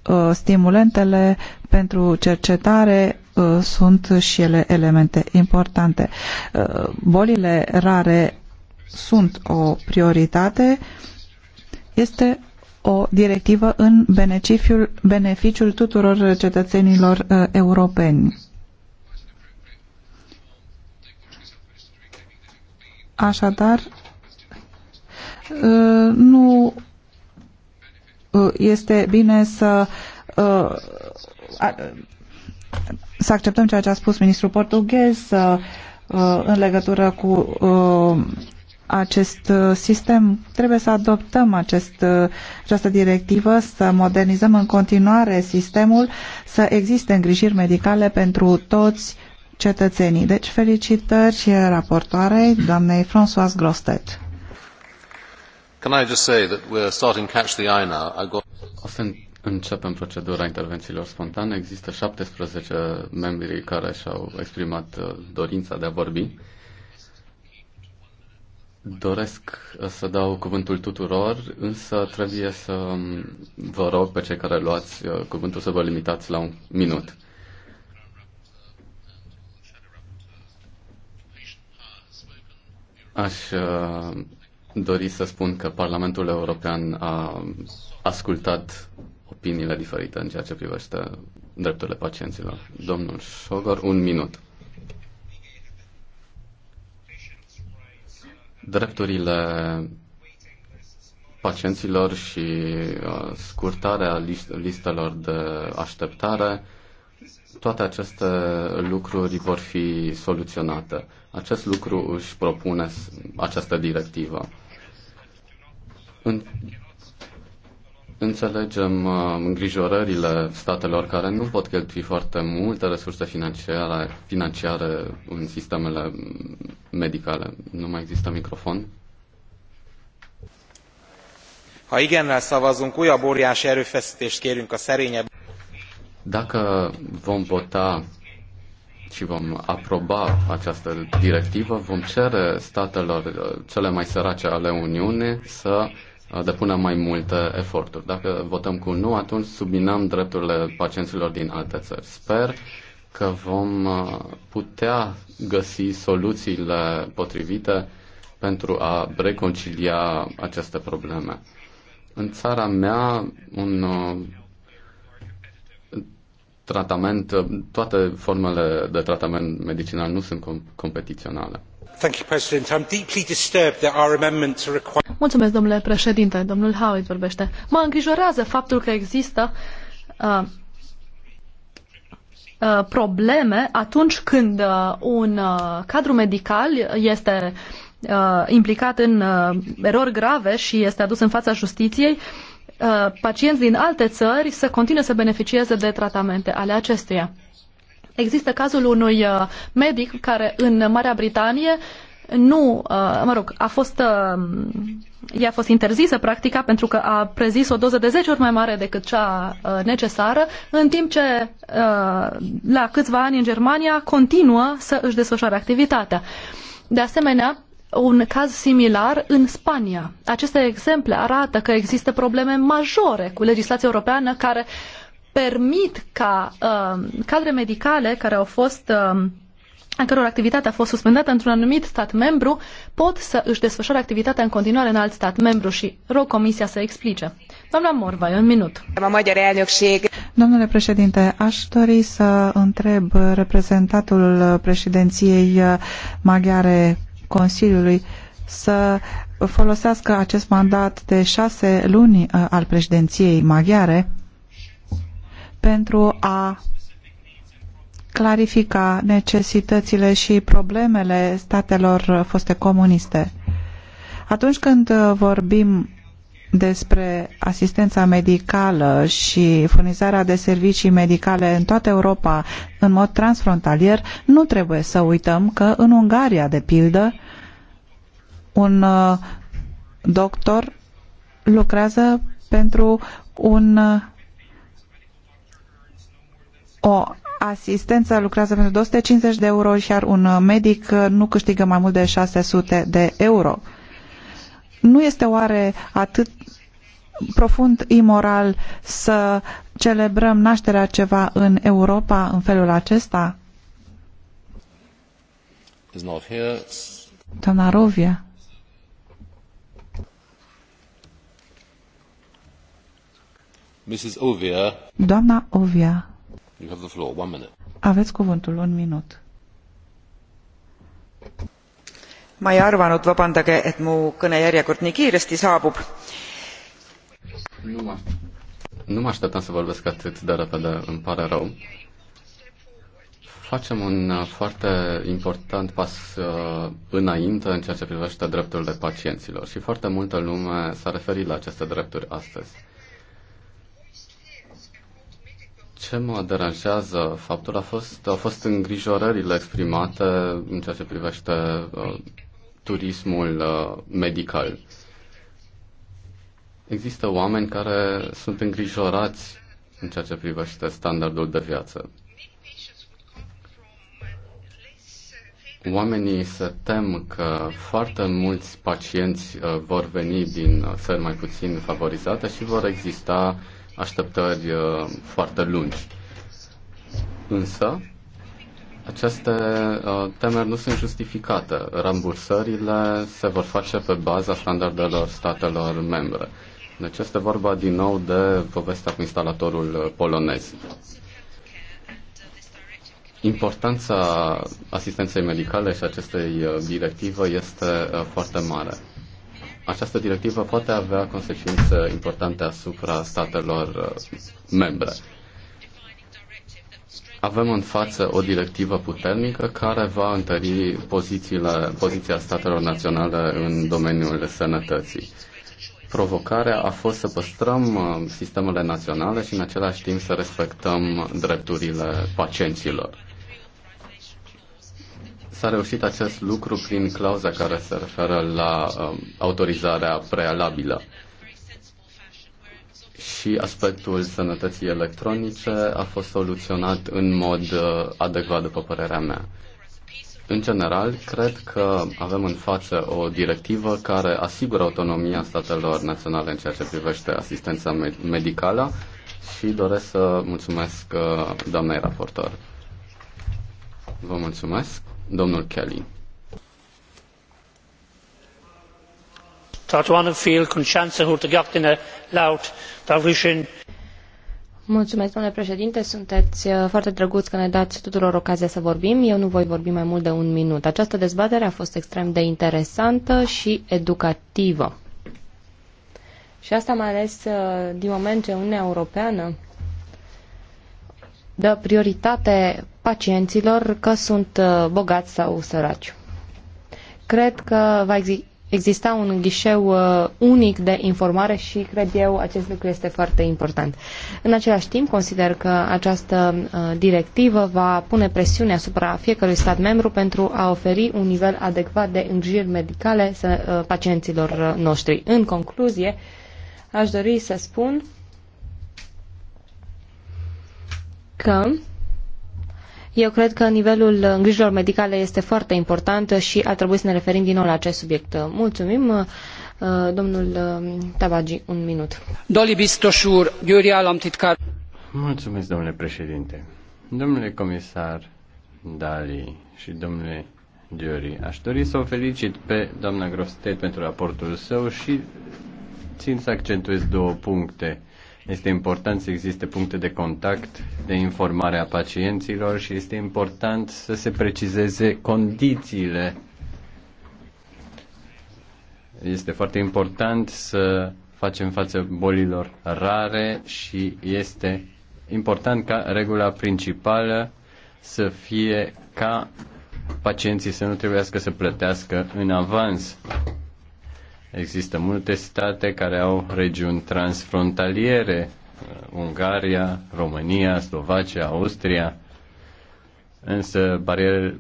uh, stimulentele pentru cercetare sunt și ele elemente importante. Bolile rare sunt o prioritate. Este o directivă în beneficiul, beneficiul tuturor cetățenilor uh, europeni. Așadar, uh, nu uh, este bine să uh, să acceptăm ceea ce a spus ministrul portughez uh, în legătură cu uh, acest uh, sistem. Trebuie să adoptăm acest, uh, această directivă, să modernizăm în continuare sistemul, să existe îngrijiri medicale pentru toți cetățenii. Deci felicitări și raportoarei doamnei Françoise Grostet. Can I just say that we're starting catch the eye now. I got... O să începem procedura intervențiilor spontane. Există 17 membri care și-au exprimat uh, dorința de a vorbi. Doresc uh, să dau cuvântul tuturor, însă trebuie să um, vă rog pe cei care luați uh, cuvântul să vă limitați la un minut. Aș uh, dori să spun că Parlamentul European a ascultat opiniile diferite în ceea ce privește drepturile pacienților. Domnul Șogor, un minut. drepturile pacienților și uh, scurtarea listelor de așteptare, toate aceste lucruri vor fi soluționate. Acest lucru își propune această directivă. În Înțelegem uh, îngrijorările statelor care nu pot cheltui foarte multe resurse financiare, financiare în sistemele mm, medicale. Nu mai există microfon. Ha igennel szavazunk, újabb óriási erőfeszítést kérünk a szerényebb... Dacă vom vota și vom aproba această directivă, vom cere statelor uh, cele mai sărace ale Uniunii să depunem mai multe eforturi. Dacă votăm cu nu, atunci subminăm drepturile pacienților din alte țări. Sper că vom uh, putea găsi soluțiile potrivite pentru a reconcilia aceste probleme. În țara mea, un uh, tratament, toate formele de tratament medicinal nu sunt competiționale domnule președinte. Domnul Howitt vorbește. Mă îngrijorează faptul că există uh, uh, probleme atunci când uh, un cadru medical este implicat în erori grave și este adus în fața justiției, pacienți din alte țări să continue să beneficieze de tratamente ale acestuia. Există cazul unui uh, medic care în Marea Britanie nu, uh, mă rog, a fost, uh, i-a fost interzisă practica pentru că a prezis o doză de 10 ori mai mare decât cea necesară, în timp ce la câțiva ani în Germania continuă să își desfășoare activitatea. De asemenea, un caz similar în Spania. Aceste exemple arată că există probleme majore cu legislația europeană care uh, permit ca uh, cadre medicale care au fost uh, a căror activitate a fost suspendată într-un anumit stat membru, pot să își desfășoare activitatea în continuare în alt stat membru și rog Comisia să explice. Doamna Morvai, un minut. Domnule președinte, aș dori să întreb reprezentatul președinției maghiare Consiliului să folosească acest mandat de șase luni uh, al președinției maghiare pentru a clarifica necesitățile și problemele statelor foste comuniste. Atunci când vorbim despre asistența medicală și furnizarea de servicii medicale în toată Europa în mod transfrontalier, nu trebuie să uităm că în Ungaria, de pildă, un uh, doctor lucrează pentru un uh, o asistență lucrează pentru 250 de euro și iar un medic nu câștigă mai mult de 600 de euro. Nu este oare atât profund imoral să celebrăm nașterea ceva în Europa în felul acesta? Doamna Rovia. Mrs. Ovia. Doamna Ovia. You have the floor. One minute. Aveți cuvântul, un minut. Ma ei arvanud, vabandage, et mu kõne järjekord nii kiiresti saabub. Nu mă, nu așteptam să vorbesc atât de repede, îmi pare rău. Facem un uh, foarte important pas uh, înainte în ceea ce privește drepturile pacienților și foarte multă lume s-a referit la aceste drepturi astăzi. Ce mă deranjează faptul a fost, a fost îngrijorările exprimate în ceea ce privește uh, turismul uh, medical. Există oameni care sunt îngrijorați în ceea ce privește standardul de viață. Oamenii se tem că foarte mulți pacienți uh, vor veni din uh, țări mai puțin favorizate și vor exista așteptări uh, foarte lungi. Însă, aceste uh, temeri nu sunt justificate. Rambursările se vor face pe baza standardelor statelor membre. Deci este vorba din nou de povestea cu instalatorul polonez. Importanța asistenței medicale și acestei uh, directive este foarte mare această directivă poate avea consecințe importante asupra statelor uh, membre. Avem în față o directivă puternică care va întări pozițiile, poziția statelor naționale în domeniul sănătății. Provocarea a fost să păstrăm uh, sistemele naționale și în același timp să respectăm drepturile pacienților. S-a reușit acest lucru prin clauza care se referă la um, autorizarea prealabilă. Și aspectul sănătății electronice a fost soluționat în mod uh, adecvat, după părerea mea. În general, cred că avem în față o directivă care asigură autonomia statelor naționale în ceea ce privește asistența medicală și doresc să mulțumesc uh, doamnei raportor. Vă mulțumesc. Domnul Kelly. Mulțumesc, domnule președinte, sunteți uh, foarte drăguți că ne dați tuturor ocazia să vorbim. Eu nu voi vorbi mai mult de un minut. Această dezbatere a fost extrem de interesantă și educativă. Și asta mai ales uh, din moment ce Uniunea Europeană dă prioritate pacienților că sunt uh, bogați sau săraci. Cred că va exista un ghișeu uh, unic de informare și cred eu acest lucru este foarte important. În același timp, consider că această uh, directivă va pune presiune asupra fiecărui stat membru pentru a oferi un nivel adecvat de îngrijiri medicale pacienților noștri. În concluzie, aș dori să spun că eu cred că nivelul îngrijirilor medicale este foarte important și ar trebui să ne referim din nou la acest subiect. Mulțumim, uh, domnul uh, Tabagi, un minut. Doli Bistoșur, Iuri Győri államtitkár. Mulțumesc, domnule președinte. Domnule comisar Dali și domnule Giori. aș dori să o felicit pe doamna Grostet pentru raportul său și țin să accentuez două puncte este important să existe puncte de contact, de informare a pacienților și este important să se precizeze condițiile. Este foarte important să facem față bolilor rare și este important ca regula principală să fie ca pacienții să nu trebuiască să plătească în avans. Există multe state care au regiuni transfrontaliere, uh, Ungaria, România, Slovacia, Austria, însă barierele,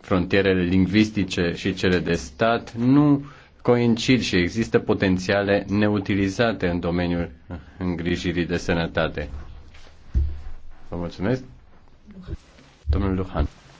frontierele lingvistice și cele de stat nu coincid și există potențiale neutilizate în domeniul îngrijirii de sănătate. Vă mulțumesc. Domnul Luhan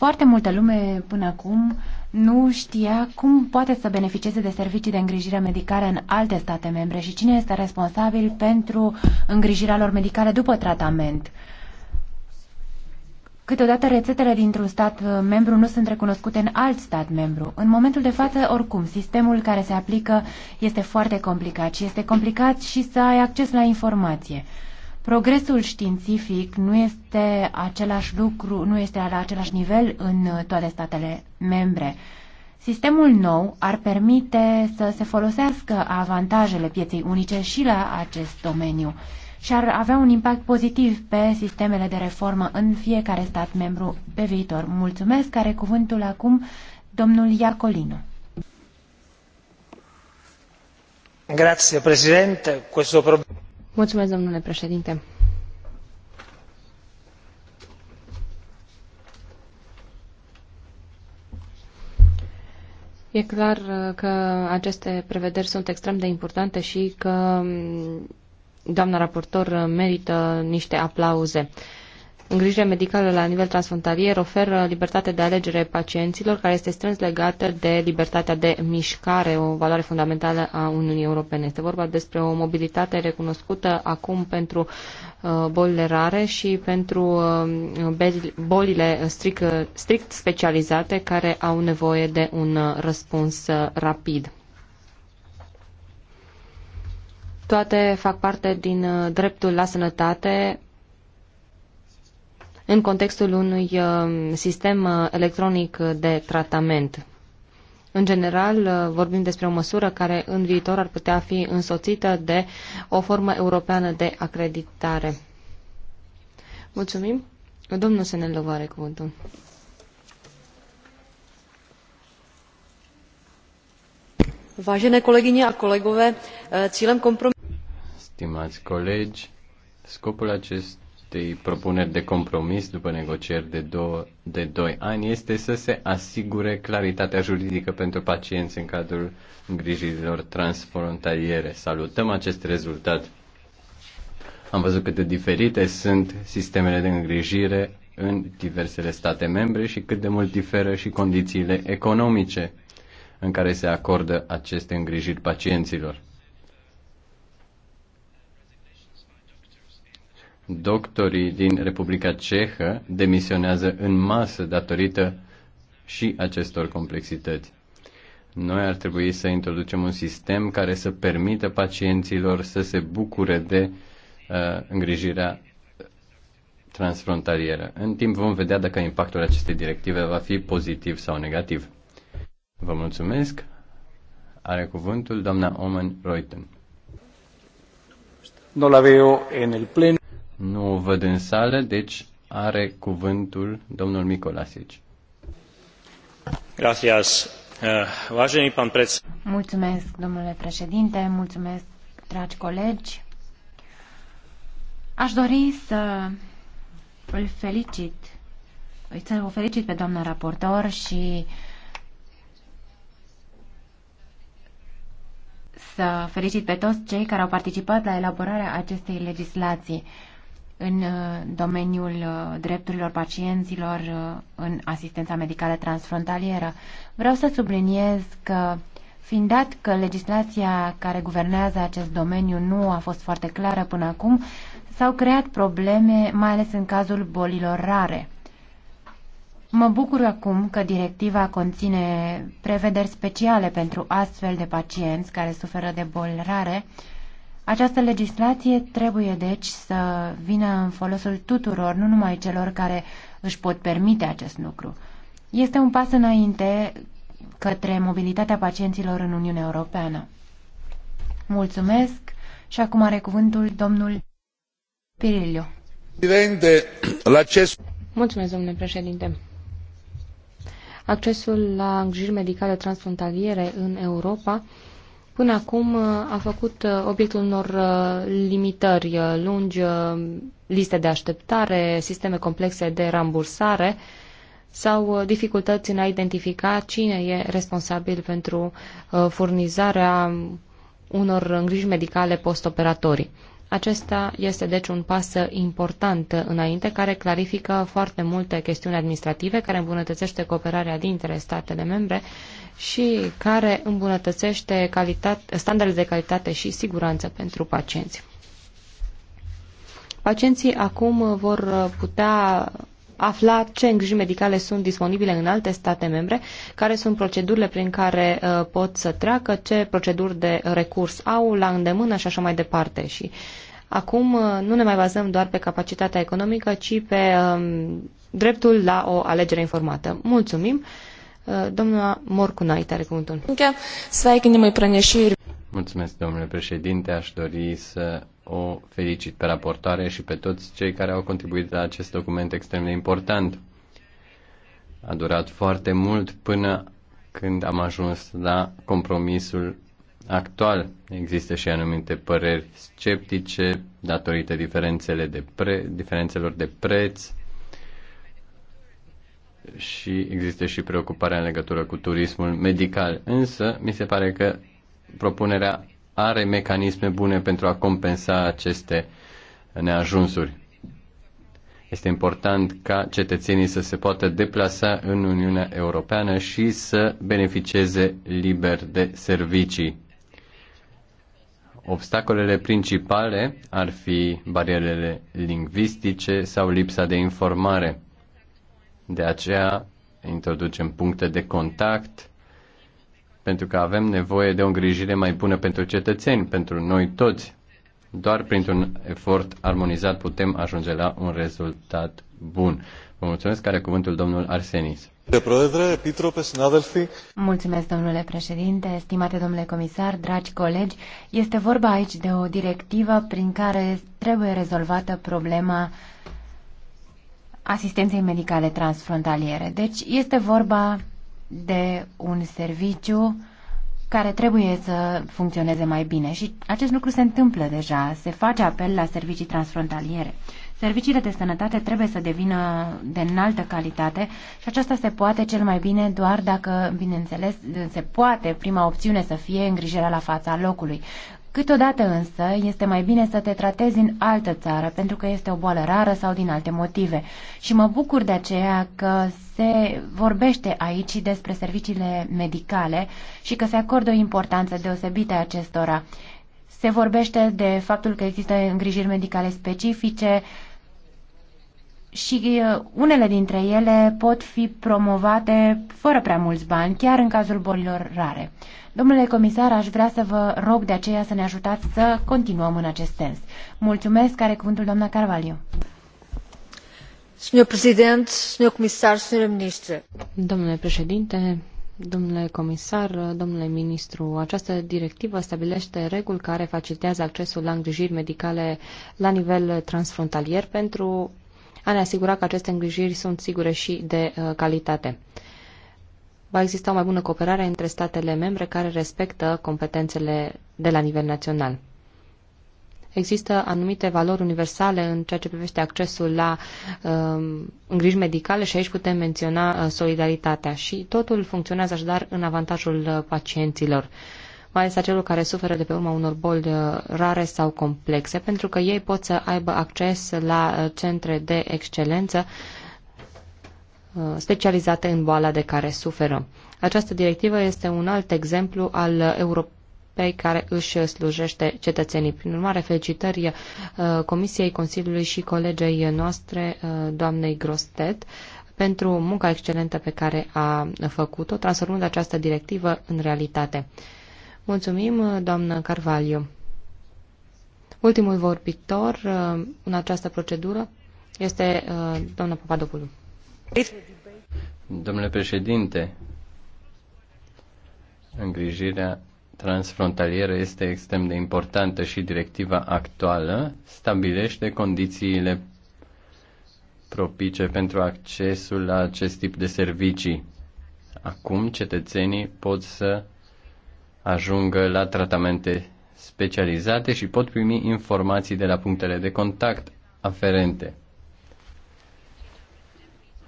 Foarte multă lume până acum nu știa cum poate să beneficieze de servicii de îngrijire medicală în alte state membre și cine este responsabil pentru îngrijirea lor medicală după tratament. Câteodată rețetele dintr-un stat membru nu sunt recunoscute în alt stat membru. În momentul de față, oricum, sistemul care se aplică este foarte complicat și este complicat și să ai acces la informație. Progresul științific nu este același lucru, nu este la același nivel în toate statele membre. Sistemul nou ar permite să se folosească avantajele pieței unice și la acest domeniu și ar avea un impact pozitiv pe sistemele de reformă în fiecare stat membru pe viitor. Mulțumesc, are cuvântul acum domnul Iacolino. Grazie, Presidente. Questo problem... Mulțumesc, domnule președinte. E clar uh, că aceste prevederi sunt extrem de importante și că mm, doamna raportor uh, merită niște aplauze îngrijire medicală la nivel transfrontalier oferă libertate de alegere pacienților, care este strâns legată de libertatea de mișcare, o valoare fundamentală a Uniunii Europene. Este vorba despre o mobilitate recunoscută acum pentru uh, bolile rare și pentru uh, bolile strict, strict specializate care au nevoie de un uh, răspuns rapid. Toate fac parte din dreptul la sănătate în contextul unui uh, sistem uh, electronic de tratament. În general, uh, vorbim despre o măsură care în viitor ar putea fi însoțită de o formă europeană de acreditare. Mulțumim. Domnul Senelov are cuvântul. Vážené kolegyně a kolegové, eh, cílem kompromisu... Stimați colegi, scopul acest acestei propuneri de compromis după negocieri de, două, de doi ani este să se asigure claritatea juridică pentru pacienți în cadrul îngrijirilor transfrontaliere. Salutăm acest rezultat. Am văzut cât de diferite sunt sistemele de îngrijire în diversele state membre și cât de mult diferă și condițiile economice în care se acordă aceste îngrijiri pacienților. doctorii din Republica Cehă demisionează în masă datorită și acestor complexități. Noi ar trebui să introducem un sistem care să permită pacienților să se bucure de uh, îngrijirea transfrontalieră. În timp vom vedea dacă impactul acestei directive va fi pozitiv sau negativ. Vă mulțumesc. Are cuvântul doamna Omen Reuten. No la veo en el pleno. Nu o văd în sală, deci are cuvântul domnul Micolasici. Gracias. Eh, vážený pan preț. Mulțumesc, domnule președinte, mulțumesc, dragi colegi. Aș dori să îl felicit, să o felicit pe doamna raportor și să felicit pe toți cei care au participat la elaborarea acestei legislații în uh, domeniul uh, drepturilor pacienților uh, în asistența medicală transfrontalieră. Vreau să subliniez că, fiind dat că legislația care guvernează acest domeniu nu a fost foarte clară până acum, s-au creat probleme, mai ales în cazul bolilor rare. Mă bucur acum că directiva conține prevederi speciale pentru astfel de pacienți care suferă de boli rare, această legislație trebuie deci să vină în folosul tuturor, nu numai celor care își pot permite acest lucru. Este un pas înainte către mobilitatea pacienților în Uniunea Europeană. Mulțumesc și acum are cuvântul domnul Pirilio. Mulțumesc, domnule președinte. Accesul la îngrijiri medicale transfrontaliere în Europa până acum uh, a făcut uh, obiectul unor uh, limitări lungi, liste de așteptare, sisteme complexe de rambursare sau dificultăți în a identifica cine e responsabil pentru furnizarea unor îngriji medicale postoperatorii. Acesta este deci un pas important înainte care clarifică foarte multe chestiuni administrative, care îmbunătățește cooperarea dintre statele membre și care îmbunătățește standardele de calitate și siguranță pentru pacienți. Pacienții acum vor putea afla ce îngrijiri medicale sunt disponibile în alte state membre, care sunt procedurile prin care uh, pot să treacă, ce proceduri de recurs au la îndemână și așa mai departe. Și acum uh, nu ne mai bazăm doar pe capacitatea economică, ci pe um, dreptul la o alegere informată. Mulțumim! Uh, Domnul Morcunai, tare cuvântul. Mulțumesc, domnule președinte. Aș dori să o felicit pe raportoare și pe toți cei care au contribuit la acest document extrem de important. A durat foarte mult până când am ajuns la compromisul actual. Există și anumite păreri sceptice datorită diferențele de pre, diferențelor de preț și există și preocuparea în legătură cu turismul medical. Însă, mi se pare că propunerea are mecanisme bune pentru a compensa aceste neajunsuri. Este important ca cetățenii să se poată deplasa în Uniunea Europeană și să beneficieze liber de servicii. Obstacolele principale ar fi barierele lingvistice sau lipsa de informare de aceea introducem puncte de contact, pentru că avem nevoie de o îngrijire mai bună pentru cetățeni, pentru noi toți. Doar printr-un efort armonizat putem ajunge la un rezultat bun. Vă mulțumesc, care cuvântul domnul Arsenis. Mulțumesc, domnule președinte, stimate domnule comisar, dragi colegi. Este vorba aici de o directivă prin care trebuie rezolvată problema asistenței medicale transfrontaliere. Deci este vorba de un serviciu care trebuie să funcționeze mai bine și acest lucru se întâmplă deja, se face apel la servicii transfrontaliere. Serviciile de sănătate trebuie să devină de înaltă calitate și aceasta se poate cel mai bine doar dacă, bineînțeles, se poate prima opțiune să fie îngrijirea la fața locului. Câteodată însă este mai bine să te tratezi în altă țară pentru că este o boală rară sau din alte motive. Și mă bucur de aceea că se vorbește aici despre serviciile medicale și că se acordă o importanță deosebită acestora. Se vorbește de faptul că există îngrijiri medicale specifice, și uh, unele dintre ele pot fi promovate fără prea mulți bani, chiar în cazul bolilor rare. Domnule comisar, aș vrea să vă rog de aceea să ne ajutați să continuăm în acest sens. Mulțumesc, care cuvântul doamna Carvalho. Domnule președinte, domnule comisar, domnule ministru. Domnule președinte, Domnule comisar, domnule ministru, această directivă stabilește reguli care facilitează accesul la îngrijiri medicale la nivel transfrontalier pentru a ne asigura că aceste îngrijiri sunt sigure și de uh, calitate. Va exista o mai bună cooperare între statele membre care respectă competențele de la nivel național. Există anumite valori universale în ceea ce privește accesul la uh, îngriji medicale și aici putem menționa uh, solidaritatea și totul funcționează așadar în avantajul uh, pacienților. Uh, mai ales a celor care suferă de pe urma unor boli uh, rare sau complexe, pentru că ei pot să aibă acces la uh, centre de excelență uh, specializate în boala de care suferă. Această directivă este un alt exemplu al Europei pe care își slujește cetățenii. Prin urmare, felicitări Comisiei, Consiliului și colegei noastre, doamnei Grostet, pentru munca excelentă pe care a făcut-o, transformând această directivă în realitate. Mulțumim, uh, doamnă Carvalho. Ultimul vorbitor uh, în această procedură este uh, doamna Papadopoulou. Domnule președinte, îngrijirea transfrontalieră este extrem de importantă și directiva actuală stabilește condițiile propice pentru accesul la acest tip de servicii. Acum cetățenii pot să ajungă la tratamente specializate și pot primi informații de la punctele de contact aferente.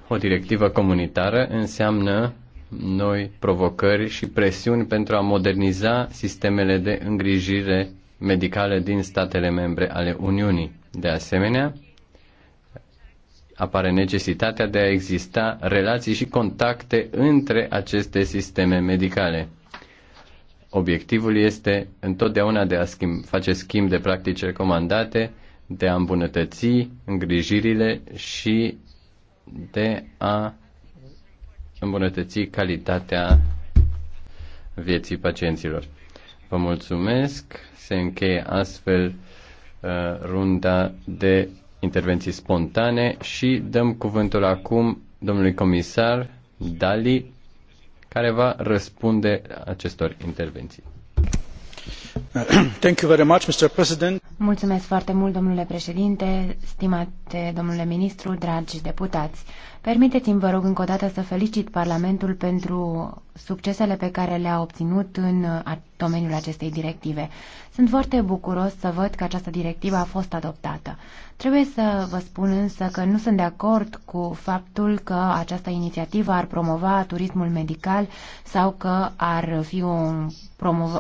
O directivă comunitară înseamnă noi provocări și presiuni pentru a moderniza sistemele de îngrijire medicală din statele membre ale Uniunii. De asemenea, apare necesitatea de a exista relații și contacte între aceste sisteme medicale. Obiectivul este întotdeauna de a schimb, face schimb de practici recomandate, de a îmbunătăți îngrijirile și de a îmbunătăți calitatea vieții pacienților. Vă mulțumesc. Se încheie astfel uh, runda de intervenții spontane și dăm cuvântul acum domnului comisar Dali care va răspunde acestor intervenții. Mulțumesc foarte mult, domnule președinte, stimate domnule ministru, dragi deputați. Permiteți-mi, vă rog, încă o dată să felicit Parlamentul pentru succesele pe care le-a obținut în domeniul acestei directive. Sunt foarte bucuros să văd că această directivă a fost adoptată. Trebuie să vă spun însă că nu sunt de acord cu faptul că această inițiativă ar promova turismul medical sau că ar fi o promov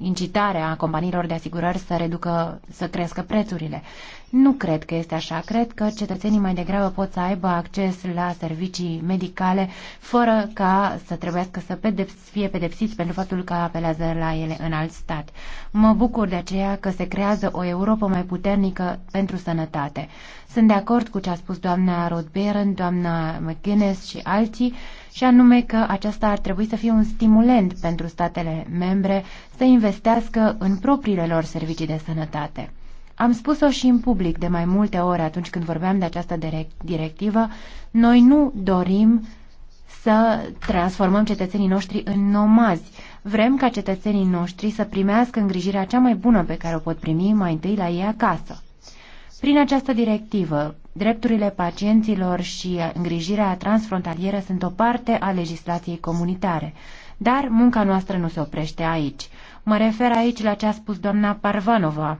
incitare a companiilor de asigurări să reducă, să crească prețurile. Nu cred că este așa. Cred că cetățenii mai degrabă pot să aibă acces la servicii medicale fără ca să trebuiască să pedeps- fie pedepsiți pentru faptul că apelează la ele în alt stat. Mă bucur de aceea că se creează o Europa mai puternică pentru sănătate. Sunt de acord cu ce a spus doamna Rodberen, doamna McGuinness și alții, și anume că aceasta ar trebui să fie un stimulent pentru statele membre să investească în propriile lor servicii de sănătate. Am spus-o și în public de mai multe ori atunci când vorbeam de această directivă, noi nu dorim să transformăm cetățenii noștri în nomazi. Vrem ca cetățenii noștri să primească îngrijirea cea mai bună pe care o pot primi mai întâi la ei acasă. Prin această directivă, drepturile pacienților și îngrijirea transfrontalieră sunt o parte a legislației comunitare. Dar munca noastră nu se oprește aici. Mă refer aici la ce a spus doamna Parvanova,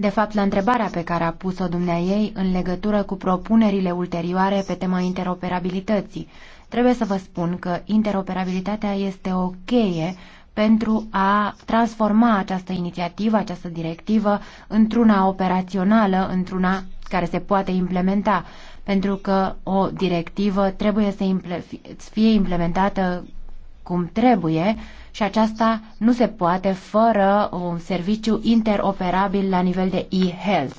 De fapt, la întrebarea pe care a pus-o dumnea ei în legătură cu propunerile ulterioare pe tema interoperabilității, trebuie să vă spun că interoperabilitatea este o cheie pentru a transforma această inițiativă, această directivă, într-una operațională, într-una care se poate implementa, pentru că o directivă trebuie să fie implementată cum trebuie și aceasta nu se poate fără un serviciu interoperabil la nivel de e-health.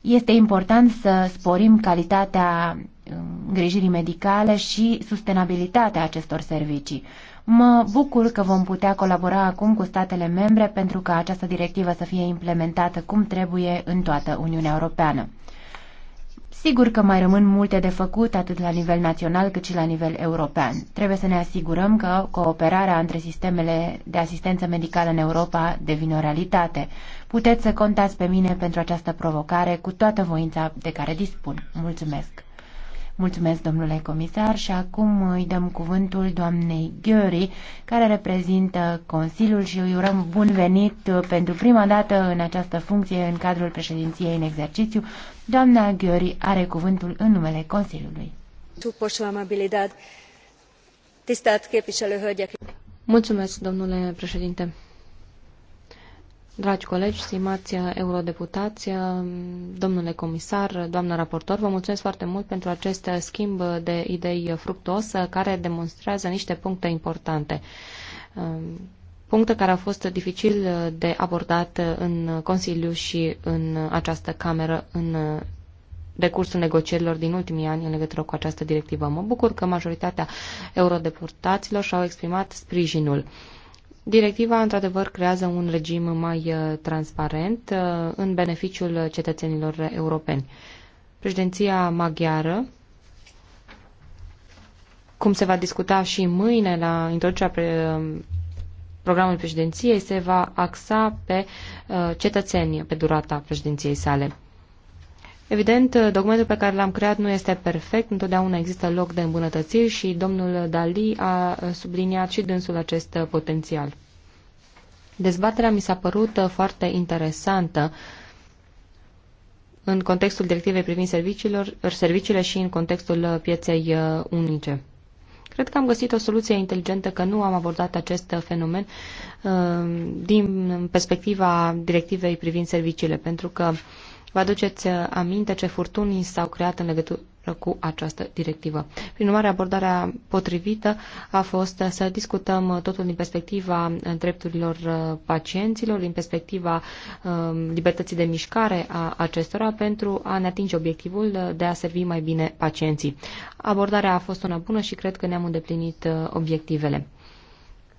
Este important să sporim calitatea um, îngrijirii medicale și sustenabilitatea acestor servicii. Mă bucur că vom putea colabora acum cu statele membre pentru ca această directivă să fie implementată cum trebuie în toată Uniunea Europeană. Sigur că mai rămân multe de făcut atât la nivel național cât și la nivel european. Trebuie să ne asigurăm că cooperarea între sistemele de asistență medicală în Europa devine o realitate. Puteți să contați pe mine pentru această provocare cu toată voința de care dispun. Mulțumesc! Mulțumesc, domnule comisar, și acum îi dăm cuvântul doamnei Ghiori, care reprezintă Consiliul și îi urăm bun venit pentru prima dată în această funcție în cadrul președinției în exercițiu. Doamna Ghiori are cuvântul în numele Consiliului. Mulțumesc, domnule președinte. Dragi colegi, stimați eurodeputați, domnule comisar, doamnă raportor, vă mulțumesc foarte mult pentru acest schimb de idei fructuos care demonstrează niște puncte importante. Puncte care au fost dificil de abordat în Consiliu și în această cameră în decursul negocierilor din ultimii ani în legătură cu această directivă. Mă bucur că majoritatea eurodeputaților și-au exprimat sprijinul. Directiva, într-adevăr, creează un regim mai uh, transparent uh, în beneficiul cetățenilor europeni. Președinția maghiară, cum se va discuta și mâine la introducerea uh, programului președinției, se va axa pe cetățeni pe durata președinției sale. Evident, documentul pe care l-am creat nu este perfect, întotdeauna există loc de îmbunătățiri și domnul Dali a subliniat și dânsul acest potențial. Dezbaterea mi s-a părut foarte interesantă în contextul directivei privind serviciile și în contextul pieței uh, unice. Cred că am găsit o soluție inteligentă că nu am abordat acest fenomen uh, din perspectiva directivei privind serviciile, pentru că Vă aduceți uh, aminte ce furtuni s-au creat în legătură cu această directivă. Prin urmare, abordarea potrivită a fost uh, să discutăm uh, totul din perspectiva drepturilor pacienților, din perspectiva um, libertății de mișcare a acestora pentru a ne atinge obiectivul de a servi mai bine pacienții. Abordarea a fost una bună și cred că ne-am îndeplinit obiectivele.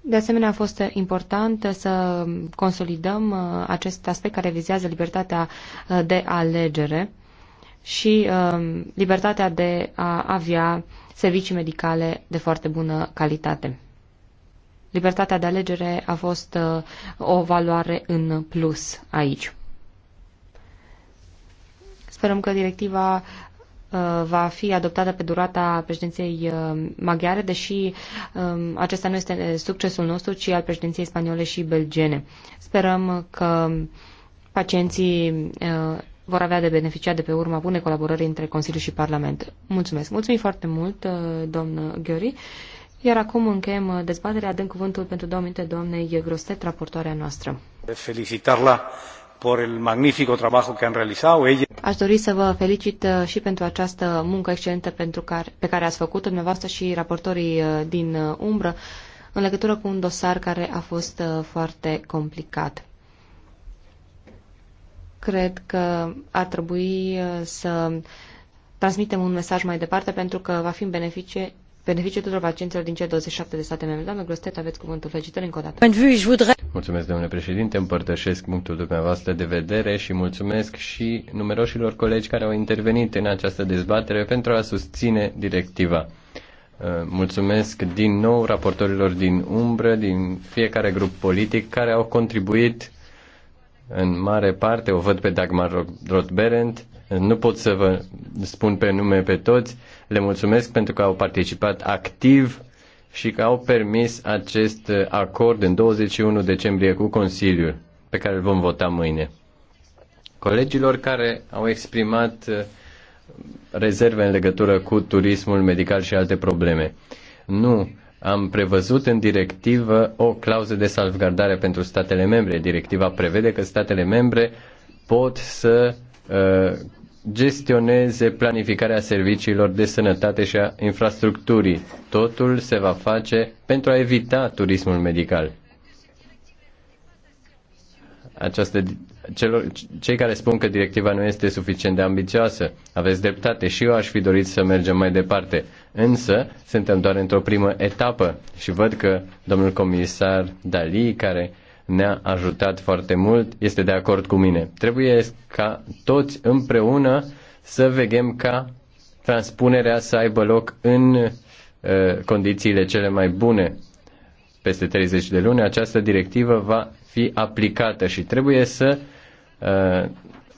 De asemenea, a fost important să consolidăm uh, acest aspect care vizează libertatea uh, de alegere și uh, libertatea de a avea servicii medicale de foarte bună calitate. Libertatea de alegere a fost o valoare în plus aici. Sperăm că directiva Uh, va fi adoptată pe durata președinției uh, maghiare, deși um, acesta nu este succesul nostru, ci al președinției spaniole și belgene. Sperăm că pacienții uh, vor avea de beneficiat de pe urma bune colaborări între Consiliu și Parlament. Mulțumesc! Mulțumim foarte mult, domn Gheori. Iar acum încheiem dezbaterea, dând cuvântul pentru două minute doamnei Grostet, raportoarea noastră. Felicitarla por el magnífico trabajo que han realizado. Ella... Aș dori să vă felicit uh, și pentru această muncă excelentă pentru care, pe care ați făcut-o dumneavoastră și raportorii uh, din uh, umbră în legătură cu un dosar care a fost foarte complicat. Cred că ar trebui să transmitem un mesaj mai departe pentru că va fi în beneficie beneficiul tuturor pacienților din cele 27 de state membre. Doamne Grostet, aveți cuvântul. Felicitări încă o dată. Mulțumesc, domnule președinte, împărtășesc punctul dumneavoastră de vedere și mulțumesc și numeroșilor colegi care au intervenit în această dezbatere pentru a susține directiva. Uh, mulțumesc din nou raportorilor din umbră, din fiecare grup politic care au contribuit în mare parte, o văd pe Dagmar Rothberend, nu pot să vă spun pe nume pe toți. Le mulțumesc pentru că au participat activ și că au permis acest acord în 21 decembrie cu Consiliul, pe care îl vom vota mâine. Colegilor care au exprimat uh, rezerve în legătură cu turismul medical și alte probleme. Nu am prevăzut în directivă o clauză de salvgardare pentru statele membre. Directiva prevede că statele membre pot să uh, gestioneze planificarea serviciilor de sănătate și a infrastructurii. Totul se va face pentru a evita turismul medical. Această, celor, cei care spun că directiva nu este suficient de ambițioasă, aveți dreptate și eu aș fi dorit să mergem mai departe. Însă, suntem doar într-o primă etapă și văd că domnul comisar Dali, care ne-a ajutat foarte mult, este de acord cu mine. Trebuie ca toți împreună să vegem ca transpunerea să aibă loc în uh, condițiile cele mai bune. Peste 30 de luni această directivă va fi aplicată și trebuie să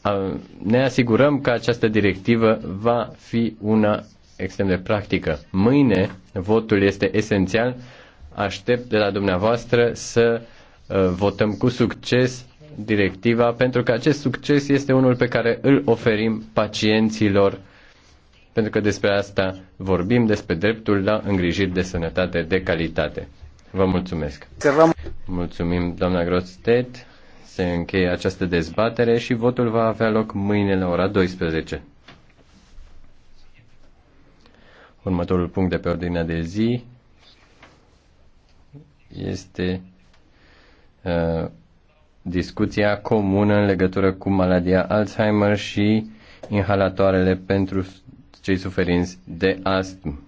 uh, ne asigurăm că această directivă va fi una extrem de practică. Mâine votul este esențial. Aștept de la dumneavoastră să Uh, votăm cu succes directiva, pentru că acest succes este unul pe care îl oferim pacienților, pentru că despre asta vorbim, despre dreptul la îngrijiri de sănătate de calitate. Vă mulțumesc! Mulțumim, doamna Grostet. Se încheie această dezbatere și votul va avea loc mâine la ora 12. Următorul punct de pe ordinea de zi este Uh, discuția comună în legătură cu maladia Alzheimer și inhalatoarele pentru cei suferinți de astm.